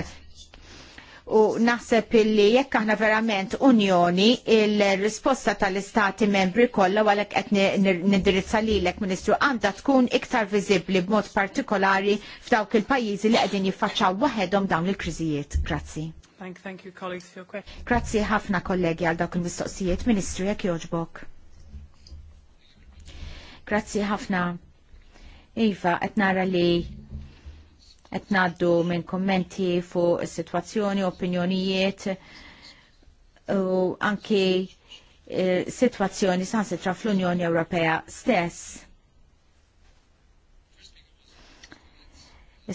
E: u naħseb li jekk aħna verament unjoni il-risposta tal-istati membri kollha għalhekk qed nindirizza lilek Ministru għandha tkun iktar viżibbli b'mod partikolari f'dawk il-pajjiżi li qegħdin jiffaċċaw waħedhom dawn il-kriżijiet. Grazzi.
A: Thank, thank you colleagues for your question.
E: Grazzi ħafna kollegi għal dawk il-mistoqsijiet. Ministru jekk jogħġbok. Grazzi ħafna. Iva, qed nara li qed ngħaddu minn kommenti fuq is-sitwazzjoni, opinjonijiet u anki e, sitwazzjoni sansitra fl-Unjoni Ewropea stess.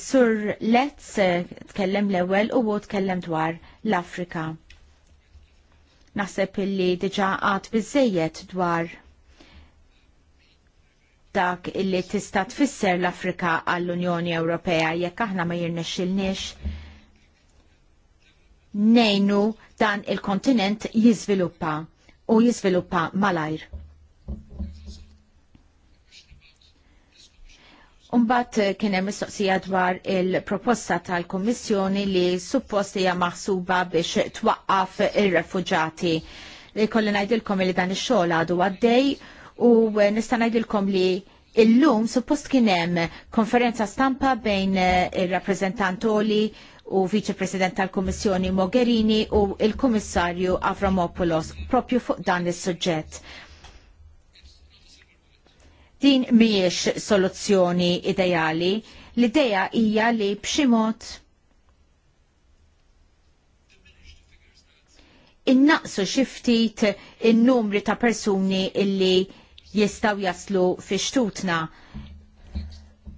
E: Sur Letz eh, tkellem l-ewwel u tkellem dwar l-Afrika. Naħseb illi diġa għad biżejjed dwar dak illi tista' tfisser l-Afrika għall-Unjoni Ewropea jekk aħna ma jirnexxilniex nejnu dan il-kontinent jiżviluppa u jiżviluppa malajr. Umbat kienem mistoqsija dwar il-proposta tal-Kommissjoni li suppost hija maħsuba biex twaqqaf ir-refuġati. Li kolli ngħidilkom li dan ix-xogħol għadu għaddej u eh, nista' ngħidilkom li illum suppost kien hemm konferenza stampa bejn eh, ir-rappreżentantoli u viċe-president tal-Kummissjoni Mogherini u il-Kummissarju Avramopoulos propju fuq dan is-suġġett din miex soluzzjoni ideali, l-ideja hija li b'xi innaqsu xi ftit in-numri ta' persuni illi jistaw jaslu fi xtutna.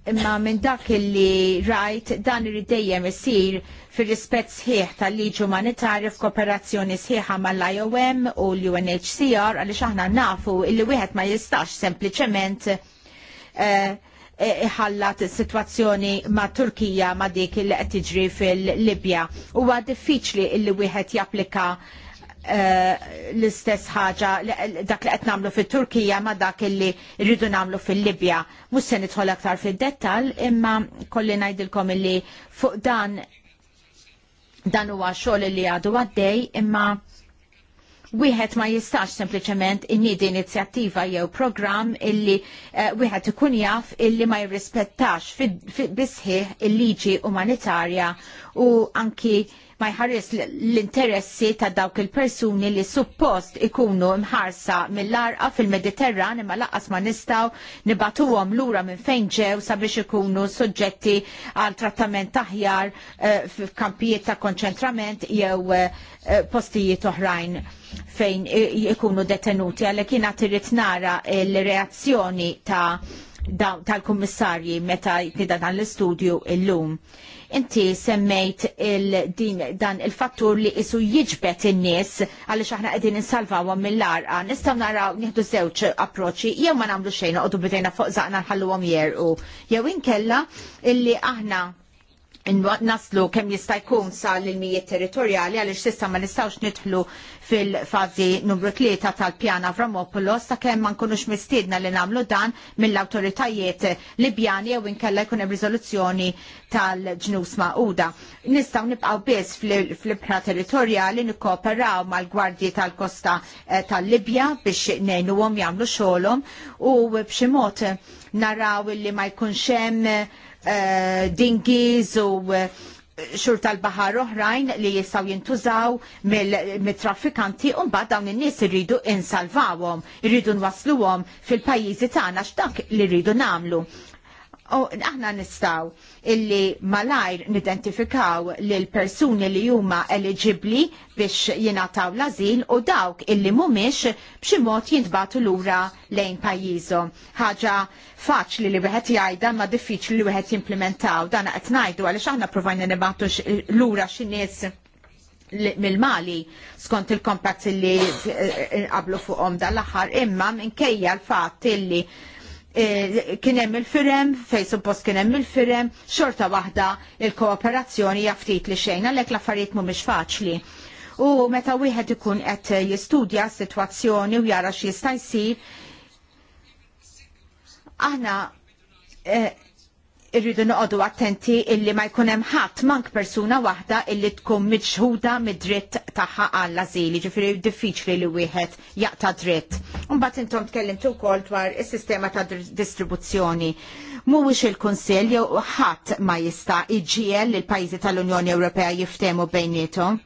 E: Imma minn dak illi rajt dan irid dejjem isir fir-rispett sħiħ tal-liġi umanitarju f'kooperazzjoni sħiħa mal-IOM u l-UNHCR għaliex aħna nafu illi wieħed ma jistax sempliċement eh, eh, iħallat situazzjoni ma' Turkija ma' dik il tiġri fil-Libja. Huwa diffiċli illi wieħed japplika Eh, l-istess ħaġa dak li qed nagħmlu fit-Turkija ma dak li rridu nagħmlu fil-Libja. Mhux se nidħol aktar fid-dettall, imma kolli ngħidilkom illi fuq dan dan huwa xogħol li għadu għaddej, imma wieħed ma jistax sempliċement inniedi inizjattiva jew programm illi uh, wieħed ikun jaf illi ma jirrispettax bisħiħ il-liġi umanitarja u anki ma jħares l-interessi ta' dawk il-persuni li suppost ikunu mħarsa mill-arqa fil-Mediterran imma laqqas ma nistaw nibatuhom lura minn fejn ġew sabiex ikunu suġġetti għal trattament taħjar eh, f'kampijiet ta' konċentrament jew eh, eh, postijiet oħrajn fejn ikunu detenuti għalhekk jiena irrid nara l-reazzjoni ta' tal-kummissarji meta jtida dan l-istudju illum. Inti semmejt il dan il-fattur li isu jiġbet in-nies għaliex aħna qegħdin insalvawhom mill-arqa. Nistgħu naraw nieħdu żewġ approċċi jew ma nagħmlu xejn noqogħdu bidejna fuq zaqna nħalluhom jerqu. Jew inkella illi aħna naslu kemm jista' jkun sa l-ilmijiet territorjali għaliex sissa ma nistgħux nidħlu fil-fażi numru tlieta tal pjana Avramopoulos ta' kem ma nkunux mistiedna li nagħmlu dan mill-awtoritajiet Libjani jew inkella jkun hemm riżoluzzjoni tal-ġnus ma'quda. Nistgħu nibqgħu biss fl-ibħra territorjali nikkooperaw mal-gwardji tal-kosta eh, tal-Libja biex ngħinuhom jagħmlu xogħolhom u b'xi mod naraw li ma jkunx hemm eh, Eh, dingis u eh, xur tal-bahar oħrajn li jistaw jintużaw mill-traffikanti un bad dawn in-nies irridu insalvawhom, irridu nwassluhom fil-pajjiżi tagħna x'dak li rridu nagħmlu aħna nistaw illi malajr nidentifikaw l persuni li huma eligibli biex jinataw l-azil u dawk illi mumiex b'xi mod jintbatu lura lejn pajjiżhom. Ħaġa faċli li wieħed jgħidha ma diffiċli li wieħed jimplementaw dan qed ngħidu għaliex aħna provajna nibatu lura xi nies mill-Mali skont il kompat li eh, eh, qablu fuqhom dal-aħħar imma minkejja l-fatt illi Eh, kien hemm il-firem, fej suppost kien hemm il-firem, xorta waħda il-kooperazzjoni jaftit li xejn, għalhekk l-affarijiet mhumiex faċli. U meta wieħed ikun qed jistudja s-sitwazzjoni u jara x'jista' jsir, aħna eh, irridu noqogħdu attenti illi ma jkun hemm ħadd mank persuna waħda illi tkun miċħuda mid-dritt tagħha għall ażili ġifieri diffiċli li wieħed jaqta' dritt. Imbagħad intom tkellimtu wkoll dwar is-sistema ta' distribuzzjoni. Mhuwiex il-Kunsill jew ħadd ma jista' iġiel lil pajjiżi tal-Unjoni Ewropea jiftemu bejniethom.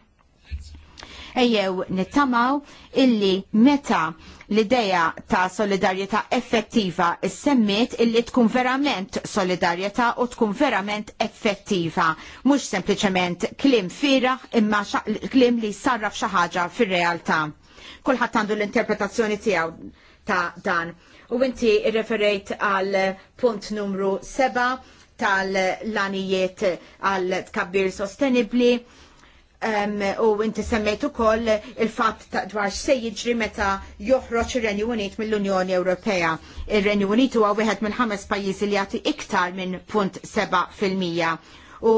E: Ejjew nittamaw illi meta L-ideja ta' solidarjetà effettiva semmiet illi tkun verament solidarjetà u tkun verament effettiva. Mhux sempliċement kliem fira imma kliem li sarraf xi ħaġa fir-realtà. Kulħadd għandu l-interpretazzjoni tiegħu ta' dan. U inti referejt għal punt numru 7 tal-lanijiet għal tkabbir sostenibli u inti semmejtu koll il-fat ta' dwar se jiġri meta joħroġ ir-Renju Unit mill-Unjoni Ewropea. Ir-Renju Unit huwa wieħed minn ħames pajjiżi li jagħti iktar minn punt seba' fil-mija. U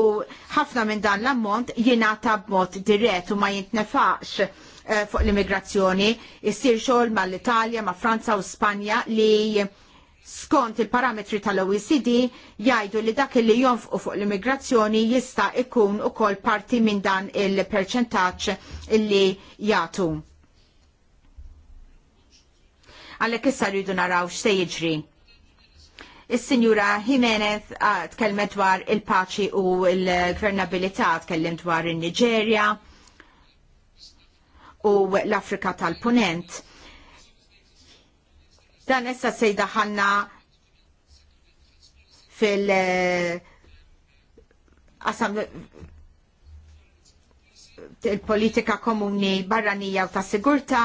E: ħafna minn dan l-ammont jingħata b'mod dirett u ma jintnefax eh, fuq l-immigrazzjoni, issir xogħol mal-Italja, ma' Franza u Spanja li skont il-parametri tal-OECD jgħidu li dak li jonfqu fuq l-immigrazzjoni jista' ikun ukoll parti minn dan il-perċentaġġ li jagħtu. Għalhekk issa rridu naraw x'se jiġri. Is-Sinjura Jimenez ah, tkellmet dwar il-paċi u l-gvernabilità tkellem dwar in-Niġerja u l-Afrika tal-Punent Dan issa sejda ħanna fil- eh, il-politika komuni barranija u ta' sigurta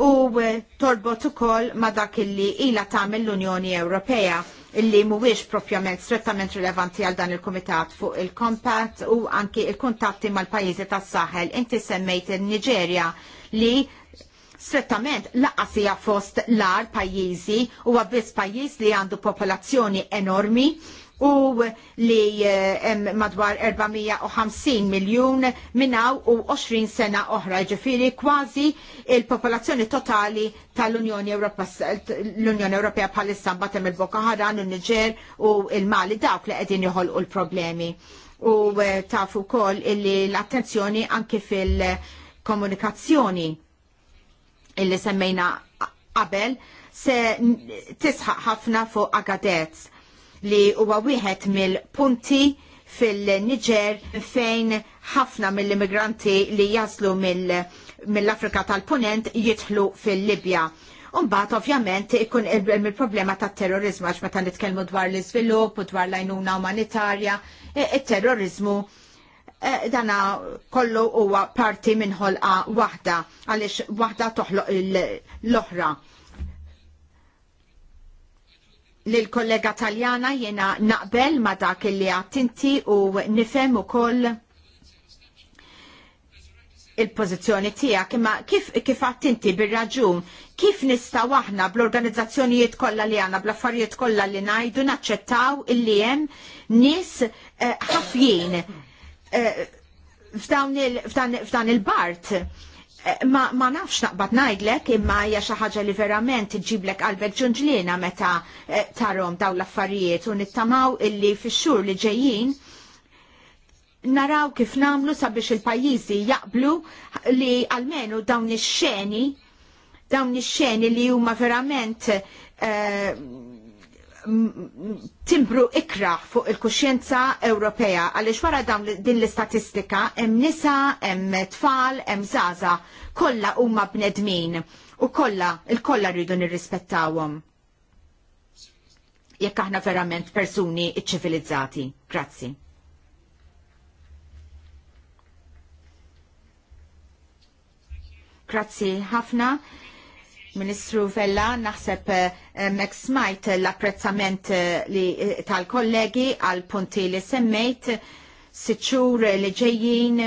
E: u eh, torbot ukoll ma dak illi ila tagħmel l-Unjoni Ewropea illi mhuwiex propjament strettament rilevanti għal dan il-Kumitat fuq il-Kompat u anki il-kuntatti mal-pajjiżi tas-Saħel. Inti semmejt in-Niġerja li strettament laqas hija fost l-ar pajjiżi huwa biss pajjiż li għandu popolazzjoni enormi u li hemm eh, madwar 450 miljun minnaw u 20 sena oħra, ġifiri kważi il-popolazzjoni totali tal-Unjoni Ewropea bħalissa mbagħad hemm il-Boko Haram, il-Niġer u il-Mali dawk li qegħdin joħolqu l-problemi. U eh, tafu wkoll illi l-attenzjoni anke fil-komunikazzjoni illi semmejna qabel se tisħaq ħafna fuq Agadez li huwa wieħed mill-punti fil-Niġer fejn ħafna mill-immigranti li jaslu mill-Afrika mill afrika tal punent jidħlu fil-Libja. Umbat ovvjament ikun il-problema ta' terrorizmu għax meta nitkellmu dwar l-iżvilupp u dwar l-għajnuna umanitarja, il-terrorizmu il terrorizmu Eh, dana kollu huwa parti minn ħolqa waħda għaliex waħda toħloq l-oħra. Lil-kollega Taljana jiena naqbel ma dak li għattinti u nifhem ukoll il-pozizjoni tijak, imma kif, kif attinti bil-raġun, kif nista' waħna bl-organizzazzjonijiet kollha li għana, bl-affarijiet kollha li najdu naċċettaw illi hemm nis eh, ħafjien. Eh, f'dan il-bart eh, ma, ma nafx naqbad najdlek imma hija xi ħaġa li verament tġiblek qalbek ġunġlina meta eh, tarom daw l-affarijiet u nittamaw illi fix-xhur li ġejjin naraw kif namlu sabiex il-pajjiżi jaqblu li almenu dawn ix-xeni dawn ix-xeni li huma verament uh, timbru ikra fuq il-kuxjenza Ewropea għaliex wara din l-istatistika hemm nisa, hemm tfal, hemm zaza, kollha huma bnedmin u kollha il kolla rridu nirrispettawhom. Jekk aħna verament persuni ċivilizzati. Grazzi. Grazzi ħafna. Ministru Vella, naħseb eh, mek smajt l-apprezzament eh, eh, tal-kollegi għal punti li semmejt, siċur li ġejjin,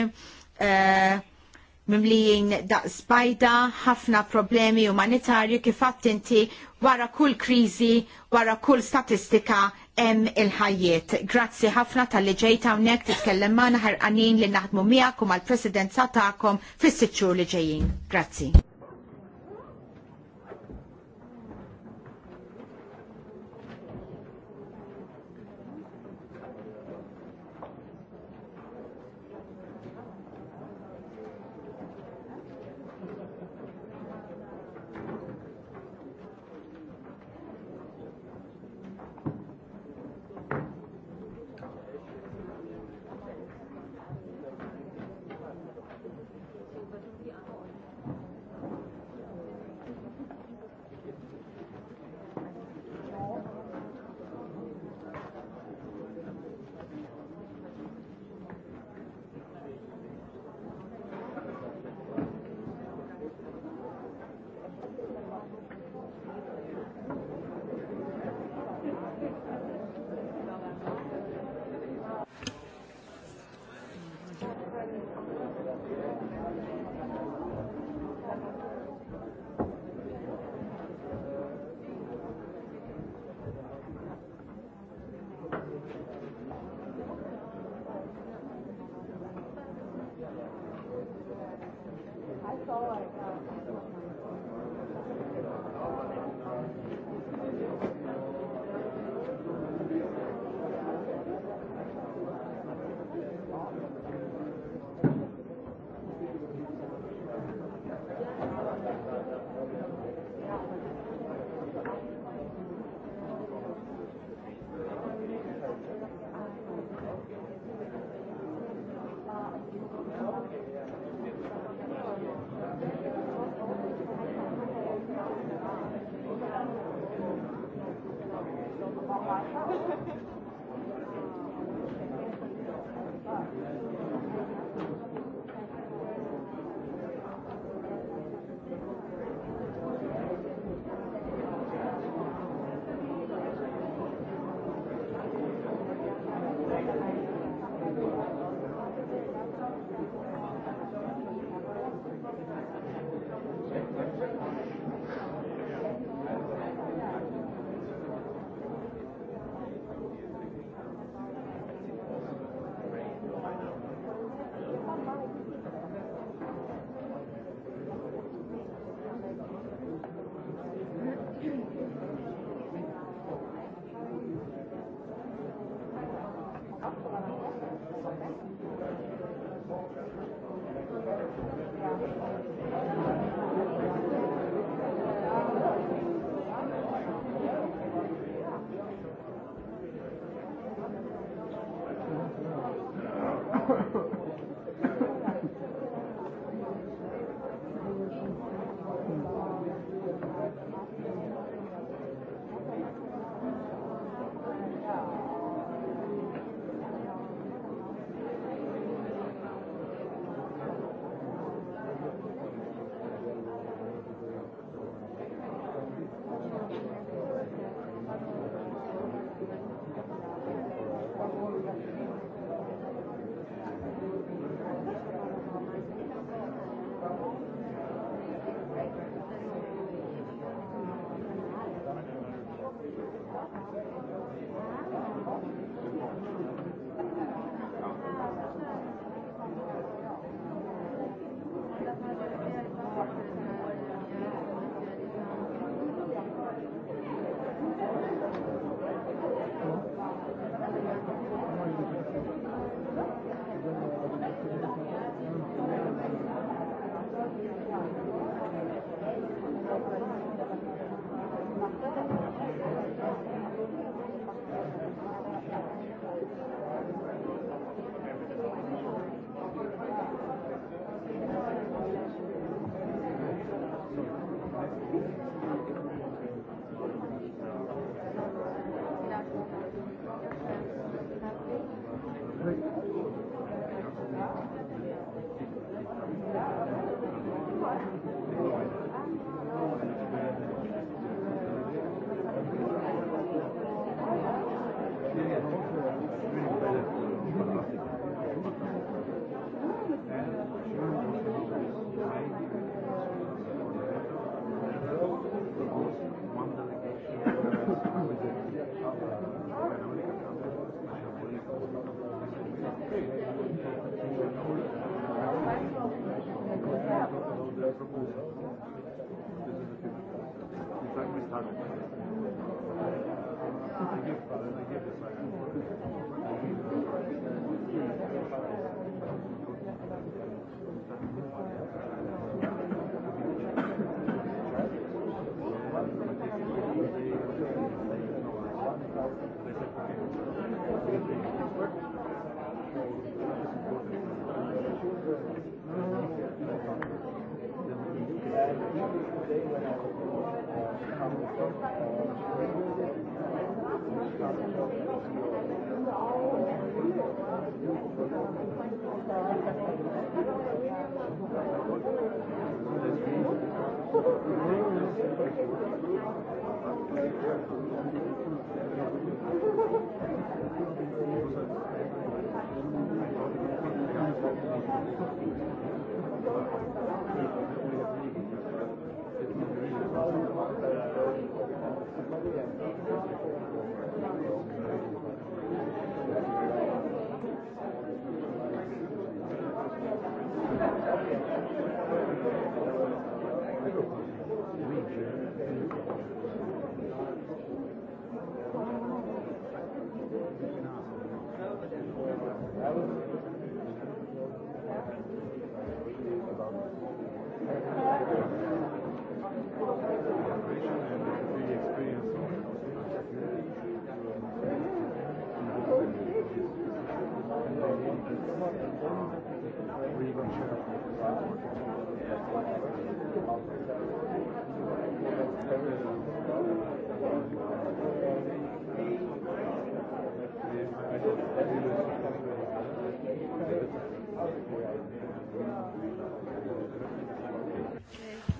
E: mimlijin daqs bajda, ħafna problemi umanitarju kifat inti wara kull krizi, wara kull statistika hemm il ħajiet Grazzi ħafna tal-li ġejta hawnhekk titkellem ma' ħarqanin li naħdmu miegħek u mal-presidenza tagħkom fis-sitt xhur li ġejjin. Grazzi.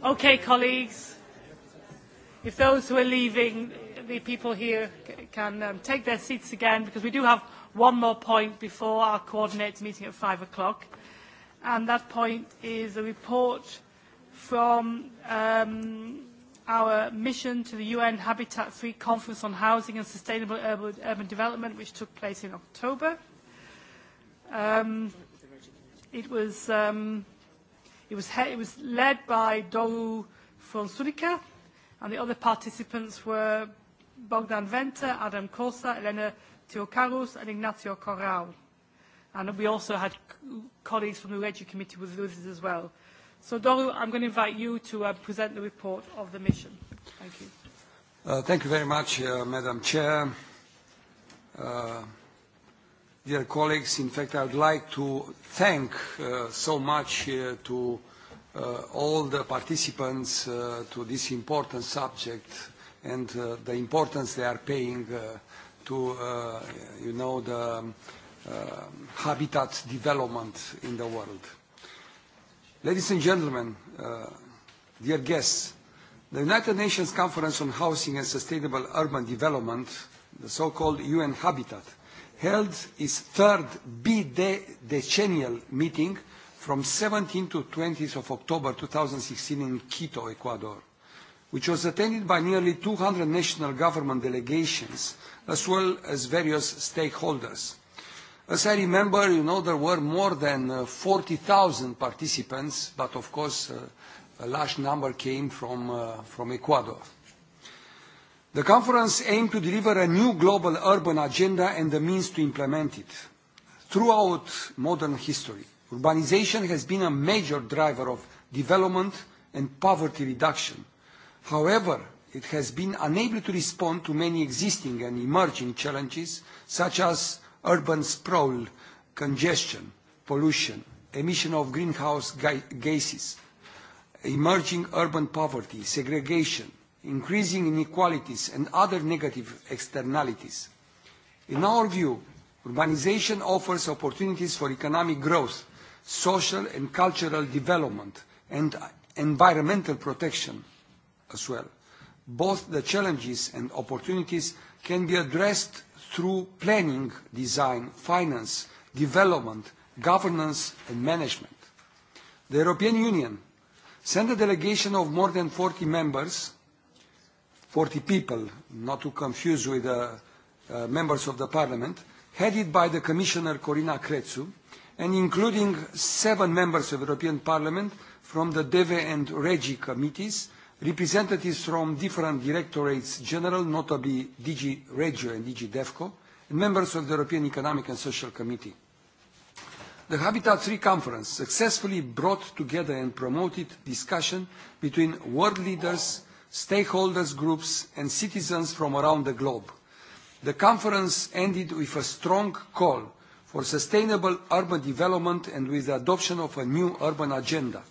A: Okay, colleagues, if those who are leaving, the people here can um, take their seats again because we do have one more point before our coordinates meeting at five o'clock. And that point is a report from um, our mission to the UN Habitat 3 Conference on Housing and Sustainable Urban, Urban Development, which took place in October. Um, It was, um, it was, it was led by Doru Fonsurica, and the other participants were Bogdan Venter, Adam Corsa, Elena Teokarus and Ignacio Corral. And we also had colleagues from the Regi Committee with us as well. So, Doru, I'm going to invite you to uh, present the report of the mission. Thank you.
H: Uh, thank you very much, uh, Madam Chair. Uh, Dear colleagues, in fact, I would like to thank uh, so much uh, to uh, all the participants uh, to this important subject and uh, the importance they are paying uh, to, uh, you know, the um, uh, habitat development in the world. Ladies and gentlemen, uh, dear guests, the United Nations Conference on Housing and Sustainable Urban Development, the so-called UN Habitat, held its third B decennial meeting from 17 to 20th of October 2016 in Quito, Ecuador, which was attended by nearly 200 national government delegations, as well as various stakeholders. As I remember, you know, there were more than uh, 40,000 participants, but of course, uh, a large number came from, uh, from Ecuador. The conference aimed to deliver a new global urban agenda and the means to implement it. Throughout modern history, urbanization has been a major driver of development and poverty reduction. However, it has been unable to respond to many existing and emerging challenges, such as urban sprawl, congestion, pollution, emission of greenhouse gases, emerging urban poverty, segregation, increasing inequalities and other negative externalities. In our view, urbanization offers opportunities for economic growth, social and cultural development, and environmental protection as well. Both the challenges and opportunities can be addressed through planning, design, finance, development, governance and management. The European Union sent a delegation of more than 40 members 40 people, not to confuse with uh, uh, members of the parliament, headed by the commissioner Corina Crețu, and including seven members of the European Parliament from the DEVE and REGI committees, representatives from different directorates general, notably DG Regio and DG DEFCO, and members of the European Economic and Social Committee. The Habitat 3 conference successfully brought together and promoted discussion between world leaders, stakeholders groups and citizens from around the globe. The conference ended with a strong call for sustainable urban development and with the adoption of a new urban agenda.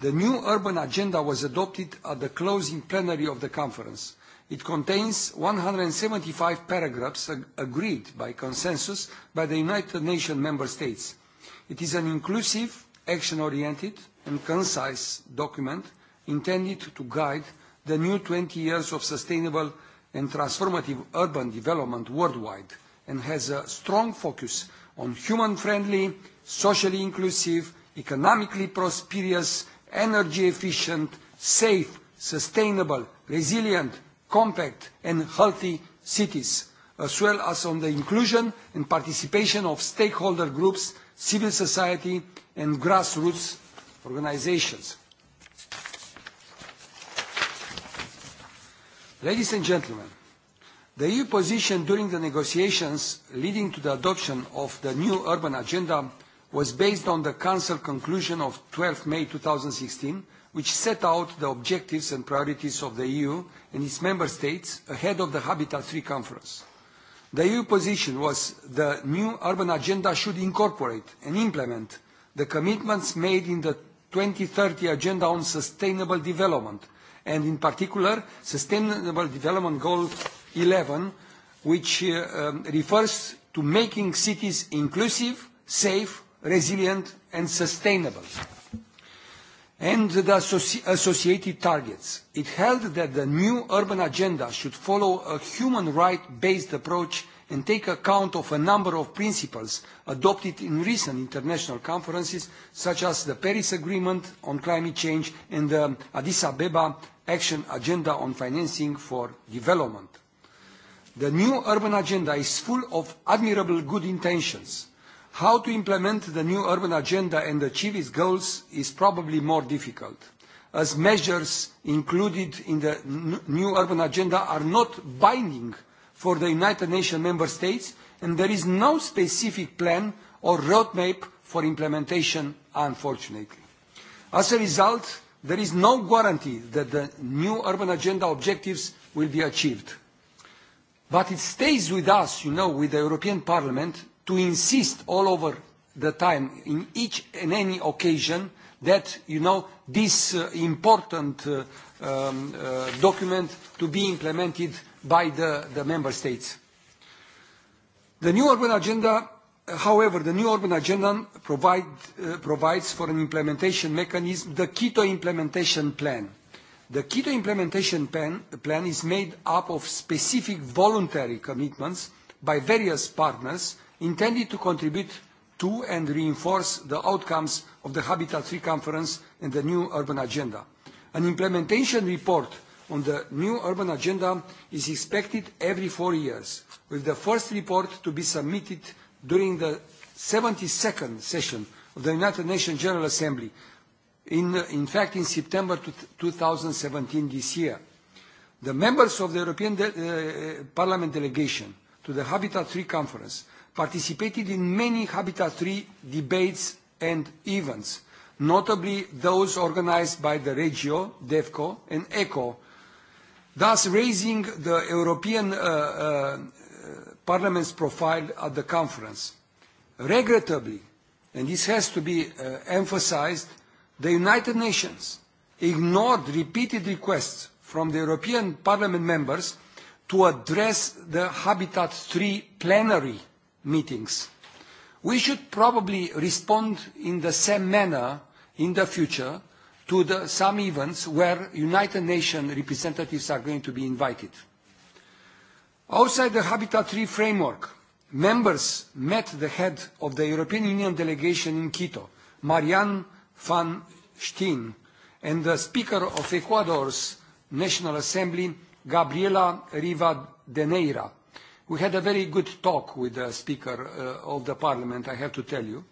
H: The new urban agenda was adopted at the closing plenary of the conference. It contains 175 paragraphs ag agreed by consensus by the United Nations member states. It is an inclusive, action-oriented and concise document intended to guide the new 20 years of sustainable and transformative urban development worldwide and has a strong focus on human-friendly, socially inclusive, economically prosperous, energy-efficient, safe, sustainable, resilient, compact and healthy cities, as well as on the inclusion and participation of stakeholder groups, civil society and grassroots organizations. Ladies and gentlemen, the EU position during the negotiations leading to the adoption of the new urban agenda was based on the Council conclusion of 12 May 2016, which set out the objectives and priorities of the EU and its member states ahead of the Habitat 3 conference. The EU position was the new urban agenda should incorporate and implement the commitments made in the 2030 agenda on sustainable development and in particular Sustainable Development Goal 11, which uh, um, refers to making cities inclusive, safe, resilient and sustainable and the associated targets. It held that the new urban agenda should follow a human right-based approach and take account of a number of principles adopted in recent international conferences, such as the Paris Agreement on Climate Change and the Addis Abeba Action Agenda on Financing for Development. The new urban agenda is full of admirable good intentions. How to implement the new urban agenda and achieve its goals is probably more difficult as measures included in the new urban agenda are not binding for the United Nations member states, and there is no specific plan or roadmap for implementation, unfortunately. As a result, there is no guarantee that the new urban agenda objectives will be achieved. But it stays with us, you know, with the European Parliament, to insist all over the time, in each and any occasion, that, you know, this uh, important uh, um, uh, document to be implemented by the, the member states. The new urban agenda, however, the new urban agenda provide, uh, provides for an implementation mechanism, the Quito implementation plan. The Quito implementation plan, plan is made up of specific voluntary commitments by various partners intended to contribute to and reinforce the outcomes of the Habitat 3 conference and the new urban agenda. An implementation report on the new urban agenda is expected every four years, with the first report to be submitted during the 72nd session of the United Nations General Assembly, in, in fact in September 2017 this year. The members of the European de uh, Parliament delegation to the Habitat 3 conference participated in many Habitat 3 debates and events, notably those organized by the Regio, DEFCO and ECHO thus raising the European uh, uh, Parliament's profile at the conference. Regrettably, and this has to be uh, emphasized, the United Nations ignored repeated requests from the European Parliament members to address the Habitat 3 plenary meetings. We should probably respond in the same manner in the future to the, some events where United Nations representatives are going to be invited. Outside the Habitat 3 framework, members met the head of the European Union delegation in Quito, Marianne van Steen, and the Speaker of Ecuador's National Assembly, Gabriela Riva de Neira. We had a very good talk with the Speaker uh, of the Parliament, I have to tell you.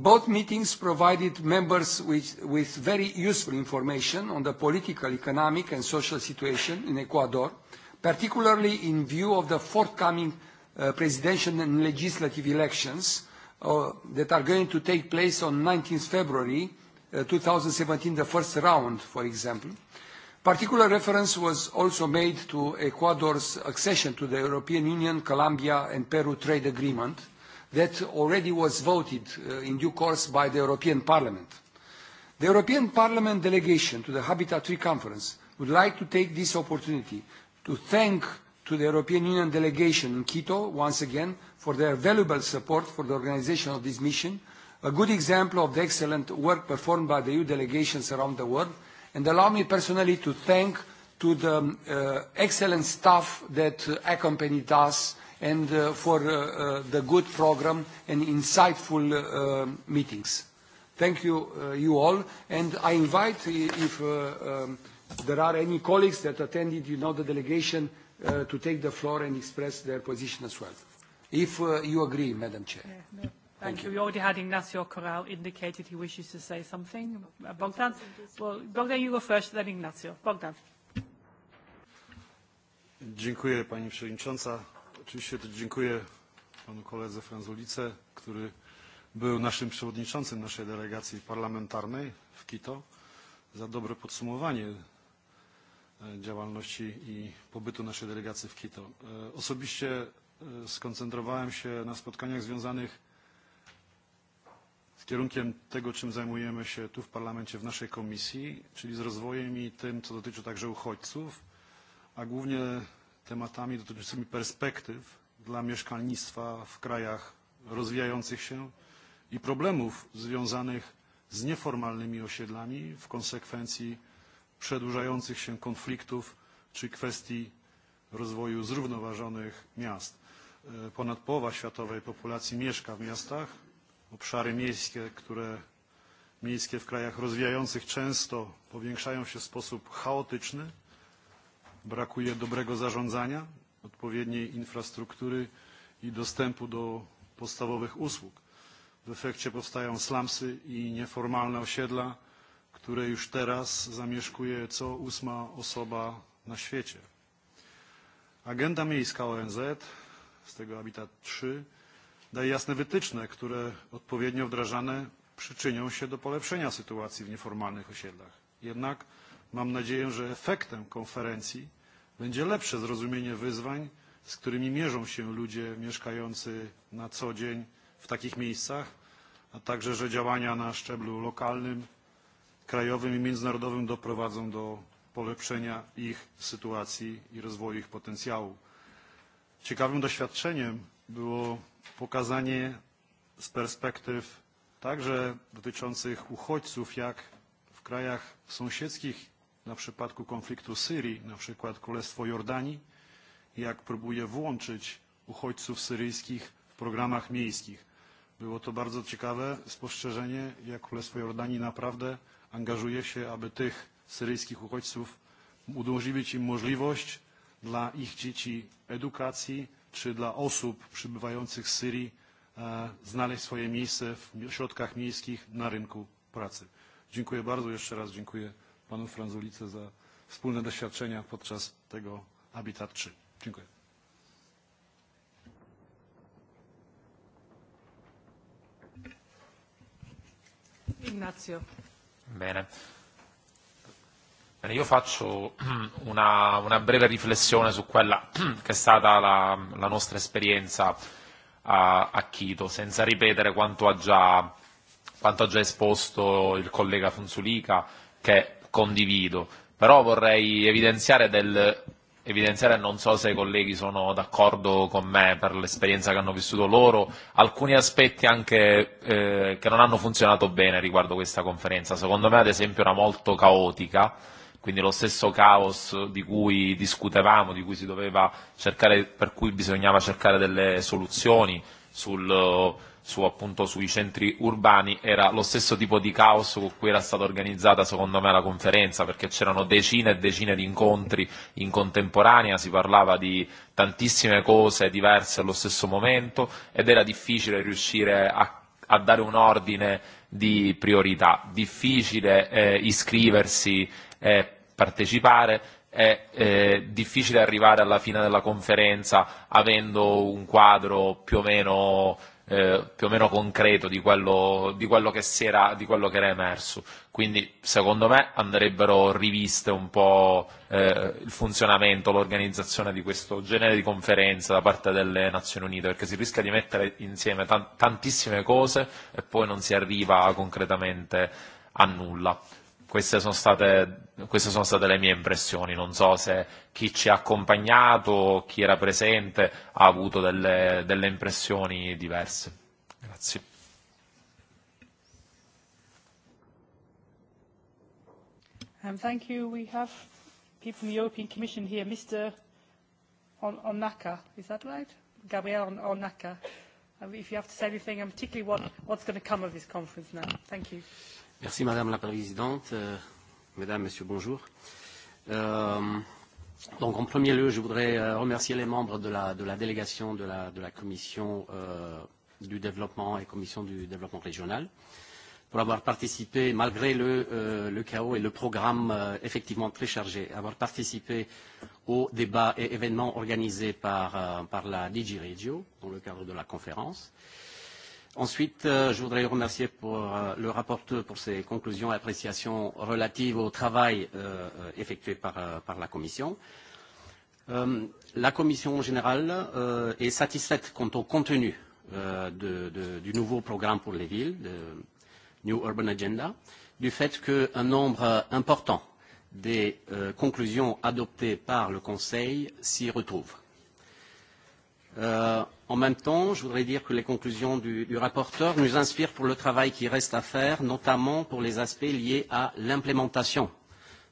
H: Both meetings provided members with, with very useful information on the political, economic and social situation in Ecuador, particularly in view of the forthcoming uh, presidential and legislative elections uh, that are going to take place on 19th February uh, 2017, the first round, for example. Particular reference was also made to Ecuador's accession to the European Union, Colombia and Peru trade agreement – that already was voted uh, in due course by the European Parliament. The European Parliament delegation to the Habitat 3 conference would like to take this opportunity to thank to the European Union delegation in Quito once again for their valuable support for the organization of this mission, a good example of the excellent work performed by the EU delegations around the world, and allow me personally to thank to the um, uh, excellent staff that accompanied us and uh, for uh, uh, the good program and insightful uh, meetings. Thank you, uh, you all, and I invite if uh, um, there are any colleagues that attended, you know, the delegation uh, to take the floor and express their position as well. If uh, you agree, Madam Chair.
A: Yeah, no. Thank Thank you. We already had Ignacio Corral indicated he wishes to say something. Uh, Bogdan, well, Bogdan, you go first, then Ignacio. Bogdan.
F: Dziękuję Pani Przewodnicząca. Oczywiście też dziękuję panu koledze Franzulice, który był naszym przewodniczącym naszej delegacji parlamentarnej w Kito, za dobre podsumowanie e, działalności i pobytu naszej delegacji w Quito. E, osobiście e, skoncentrowałem się na spotkaniach związanych z kierunkiem tego, czym zajmujemy się tu w parlamencie, w naszej komisji, czyli z rozwojem i tym, co dotyczy także uchodźców, a głównie tematami dotyczącymi perspektyw dla mieszkalnictwa w krajach rozwijających się i problemów związanych z nieformalnymi osiedlami w konsekwencji przedłużających się konfliktów czy kwestii rozwoju zrównoważonych miast. E, ponad połowa światowej populacji mieszka w miastach. Obszary miejskie, które miejskie w krajach rozwijających często powiększają się w sposób chaotyczny brakuje dobrego zarządzania, odpowiedniej infrastruktury i dostępu do podstawowych usług. W efekcie powstają slumsy i nieformalne osiedla, które już teraz zamieszkuje co ósma osoba na świecie. Agenda miejska ONZ z tego Habitat 3 daje jasne wytyczne, które odpowiednio wdrażane przyczynią się do polepszenia sytuacji w nieformalnych osiedlach. Jednak mam nadzieję, że efektem konferencji będzie lepsze zrozumienie wyzwań, z którymi mierzą się ludzie mieszkający na co dzień w takich miejscach, a także, że działania na szczeblu lokalnym, krajowym i międzynarodowym doprowadzą do polepszenia ich sytuacji i rozwoju ich potencjału. Ciekawym doświadczeniem było pokazanie z perspektyw także dotyczących uchodźców, jak w krajach sąsiedzkich na przypadku konfliktu Syrii, na przykład Królestwo Jordanii, jak próbuje włączyć uchodźców syryjskich w programach miejskich. Było to bardzo ciekawe spostrzeżenie, jak Królestwo Jordanii naprawdę angażuje się, aby tych syryjskich uchodźców umożliwić im możliwość dla ich dzieci edukacji czy dla osób przybywających z Syrii e, znaleźć swoje miejsce w środkach miejskich na rynku pracy. Dziękuję bardzo, jeszcze raz dziękuję panu Franzulice za wspólne doświadczenia podczas tego Habitat 3. Dziękuję.
A: Ignazio.
I: Bene. Bene, io faccio una, una breve riflessione su quella che è stata la, la nostra esperienza a, a Chito, senza ripetere quanto ha già, quanto ha già esposto il collega Funzulica, che condivido, però vorrei evidenziare del evidenziare, non so se i colleghi sono d'accordo con me per l'esperienza che hanno vissuto loro, alcuni aspetti anche eh, che non hanno funzionato bene riguardo questa conferenza. Secondo me ad esempio era molto caotica, quindi lo stesso caos di cui discutevamo, di cui si doveva cercare, per cui bisognava cercare delle soluzioni sul su, appunto, sui centri urbani era lo stesso tipo di caos con cui era stata organizzata secondo me la conferenza perché c'erano decine e decine di incontri in contemporanea, si parlava di tantissime cose diverse allo stesso momento ed era difficile riuscire a, a dare un ordine di priorità, difficile eh, iscriversi e partecipare è e, eh, difficile arrivare alla fine della conferenza avendo un quadro più o meno Eh, più o meno concreto di quello, di, quello che si era, di quello che era emerso. Quindi secondo me andrebbero riviste un po' eh, il funzionamento, l'organizzazione di questo genere di conferenze da parte delle Nazioni Unite, perché si rischia di mettere insieme tantissime cose e poi non si arriva concretamente a nulla queste sono, state, queste sono state le mie impressioni, non so se chi ci ha accompagnato, chi era presente ha avuto delle, delle impressioni diverse. Grazie.
A: Um, thank you. We have people from the European Commission here. Mr. On Onaka, is that right? Gabriel On Onaka. Uh, if you have to say anything, and particularly what, what's going to come of this conference now. Thank you.
J: Merci Madame la Présidente. Euh, Mesdames, Messieurs, bonjour. Euh, donc en premier lieu, je voudrais euh, remercier les membres de la, de la délégation de la, de la Commission euh, du développement et Commission du développement régional pour avoir participé, malgré le, euh, le chaos et le programme euh, effectivement très chargé, avoir participé aux débats et événements organisés par, euh, par la DG Radio dans le cadre de la conférence. Euh, Ensuite, euh, je voudrais remercier pour, euh, le rapporteur pour ses conclusions et appréciations relatives au travail euh, euh effectué par, euh, par la Commission. Euh, la Commission en général euh, est satisfaite quant au contenu euh, de, de, du nouveau programme pour les villes, de New Urban Agenda, du fait qu'un nombre euh, important des euh, conclusions adoptées par le Conseil s'y retrouvent. Euh, en même temps, je voudrais dire que les conclusions du, du rapporteur nous inspirent pour le travail qui reste à faire, notamment pour les aspects liés à l'implémentation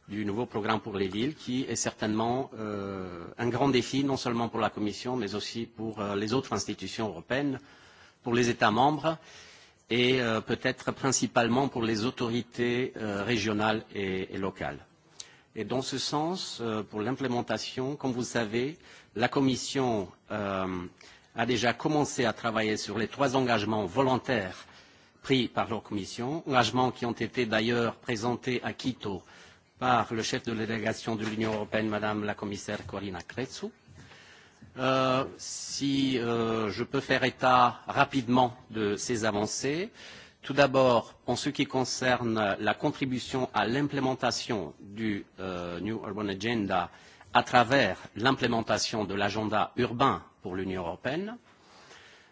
J: du nouveau programme pour les villes, qui est certainement euh, un grand défi, non seulement pour la Commission, mais aussi pour euh, les autres institutions européennes, pour les États membres et euh, peut-être principalement pour les autorités euh, régionales et, et locales. Et dans ce sens, euh, pour l'implémentation, comme vous le savez, La Commission euh, a déjà commencé à travailler sur les trois engagements volontaires pris par la Commission, engagements qui ont été d'ailleurs présentés à Quito par le chef de la délégation de l'Union européenne, Madame la commissaire Corina Kretsu. Euh, si euh, je peux faire état rapidement de ces avancées, tout d'abord en ce qui concerne la contribution à l'implémentation du euh, New Urban Agenda, euh, à travers l'implémentation de l'agenda urbain pour l'Union européenne.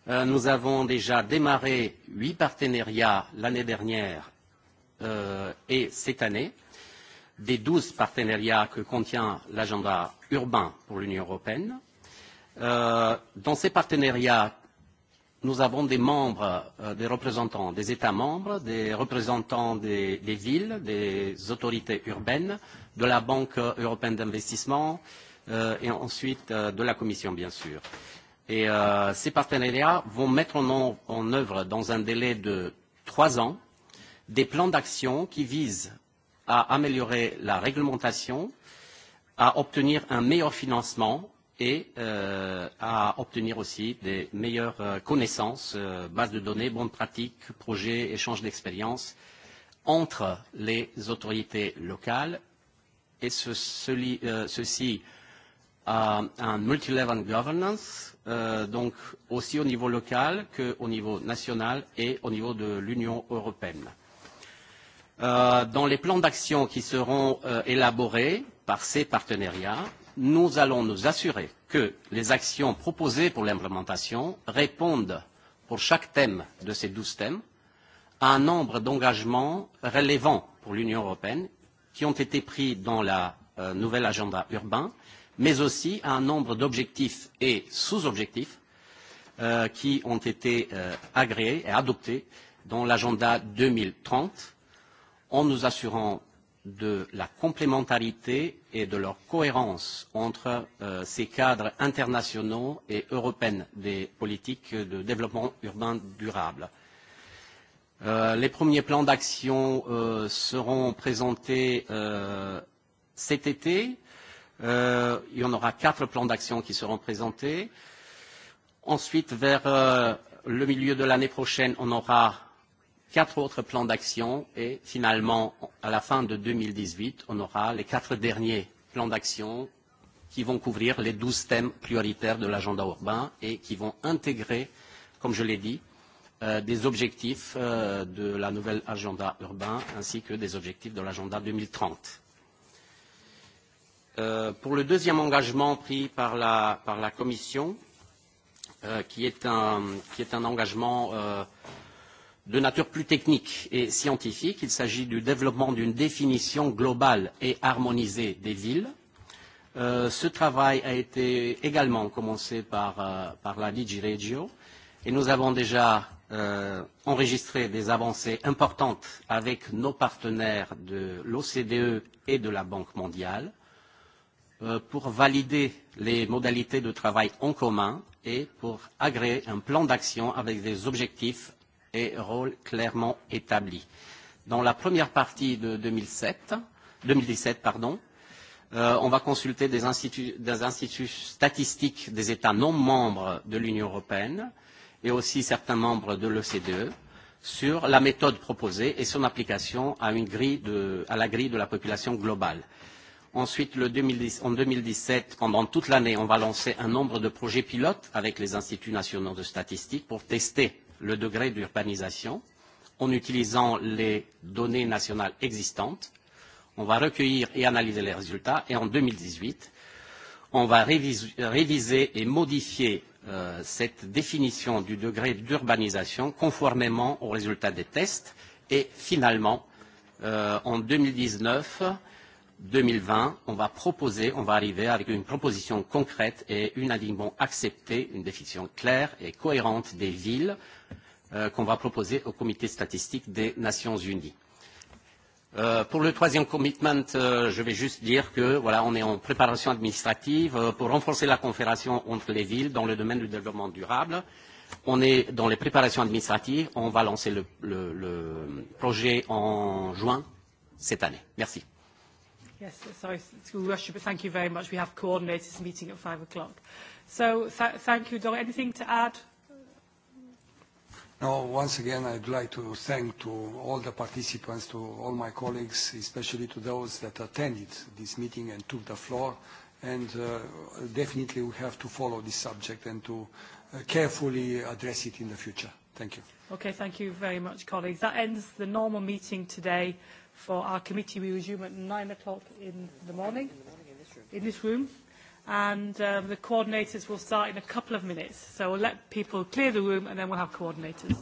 J: Euh, nous avons déjà démarré huit partenariats l'année dernière euh, et cette année, des douze partenariats que contient l'agenda urbain pour l'Union européenne. Euh, dans ces partenariats, nous avons des membres, euh, des représentants des États membres, des représentants des, des villes, des autorités urbaines, de la Banque européenne d'investissement euh, et ensuite euh, de la Commission, bien sûr. Et euh, ces partenariats vont mettre en, en œuvre, dans un délai de trois ans, des plans d'action qui visent à améliorer la réglementation, à obtenir un meilleur financement et euh, à obtenir aussi des meilleures euh, connaissances, euh, bases de données, bonnes pratiques, projets, échanges d'expériences entre les autorités locales et ce, celi, euh, ceci à euh, un multilevel governance, euh, donc aussi au niveau local qu'au niveau national et au niveau de l'Union européenne. Euh, dans les plans d'action qui seront euh, élaborés par ces partenariats, nous allons nous assurer que les actions proposées pour l'implémentation répondent, pour chaque thème de ces douze thèmes, à un nombre d'engagements relevant pour l'Union européenne qui ont été pris dans la euh, nouvelle agenda urbain, mais aussi à un nombre d'objectifs et sous-objectifs euh, qui ont été euh, agréés et adoptés dans l'agenda 2030 en nous assurant de la complémentarité et de leur cohérence entre euh, ces cadres internationaux et européens des politiques de développement urbain durable. Euh, les premiers plans d'action euh, seront présentés euh, cet été. Euh, il y en aura quatre plans d'action qui seront présentés. Ensuite, vers euh, le milieu de l'année prochaine, on aura quatre autres plans d'action et finalement, à la fin de 2018, on aura les quatre derniers plans d'action qui vont couvrir les douze thèmes prioritaires de l'agenda urbain et qui vont intégrer, comme je l'ai dit, euh, des objectifs euh, de la nouvelle agenda urbain ainsi que des objectifs de l'agenda 2030. Euh, pour le deuxième engagement pris par la, par la Commission, euh, qui, est un, qui est un engagement euh, de nature plus technique et scientifique. Il s'agit du développement d'une définition globale et harmonisée des villes. Euh, ce travail a été également commencé par, euh, par la DigiRegio et nous avons déjà euh, enregistré des avancées importantes avec nos partenaires de l'OCDE et de la Banque mondiale euh, pour valider les modalités de travail en commun et pour agréer un plan d'action avec des objectifs et rôle clairement établi. Dans la première partie de 2007, 2017, pardon, euh, on va consulter des instituts, des instituts statistiques des États non membres de l'Union européenne et aussi certains membres de l'OCDE sur la méthode proposée et son application à, une grille de, à la grille de la population globale. Ensuite, le 2010, en 2017, pendant toute l'année, on va lancer un nombre de projets pilotes avec les instituts nationaux de statistiques pour tester le degré d'urbanisation en utilisant les données nationales existantes. On va recueillir et analyser les résultats et en 2018, on va réviser et modifier euh, cette définition du degré d'urbanisation conformément aux résultats des tests et finalement, euh, en 2019, 2020, on va proposer, on va arriver avec une proposition concrète et unanimement acceptée, une définition claire et cohérente des villes Euh, qu'on va proposer au comité statistique des Nations Unies. Euh, pour le troisième commitment, euh, je vais juste dire que voilà, on est en préparation administrative euh, pour renforcer la coopération entre les villes dans le domaine du développement durable. On est dans les préparations administratives. On va lancer le, le, le projet en juin cette année. Merci.
A: Yes, sorry to rush you, but thank you very much. We have this meeting at five o'clock. So th thank you, Dora. Anything to add?
H: No, once again, I'd like to thank to all the participants, to all my colleagues, especially to those that attended this meeting and took the floor. And uh, definitely we have to follow this subject and to uh, carefully address it in the future. Thank you.
A: Okay, thank you very much, colleagues. That ends the normal meeting today for our committee. We resume at nine o'clock in the morning. In, the morning in this room. In this room and um, the coordinators will start in a couple of minutes. So we'll let people clear the room and then we'll have coordinators.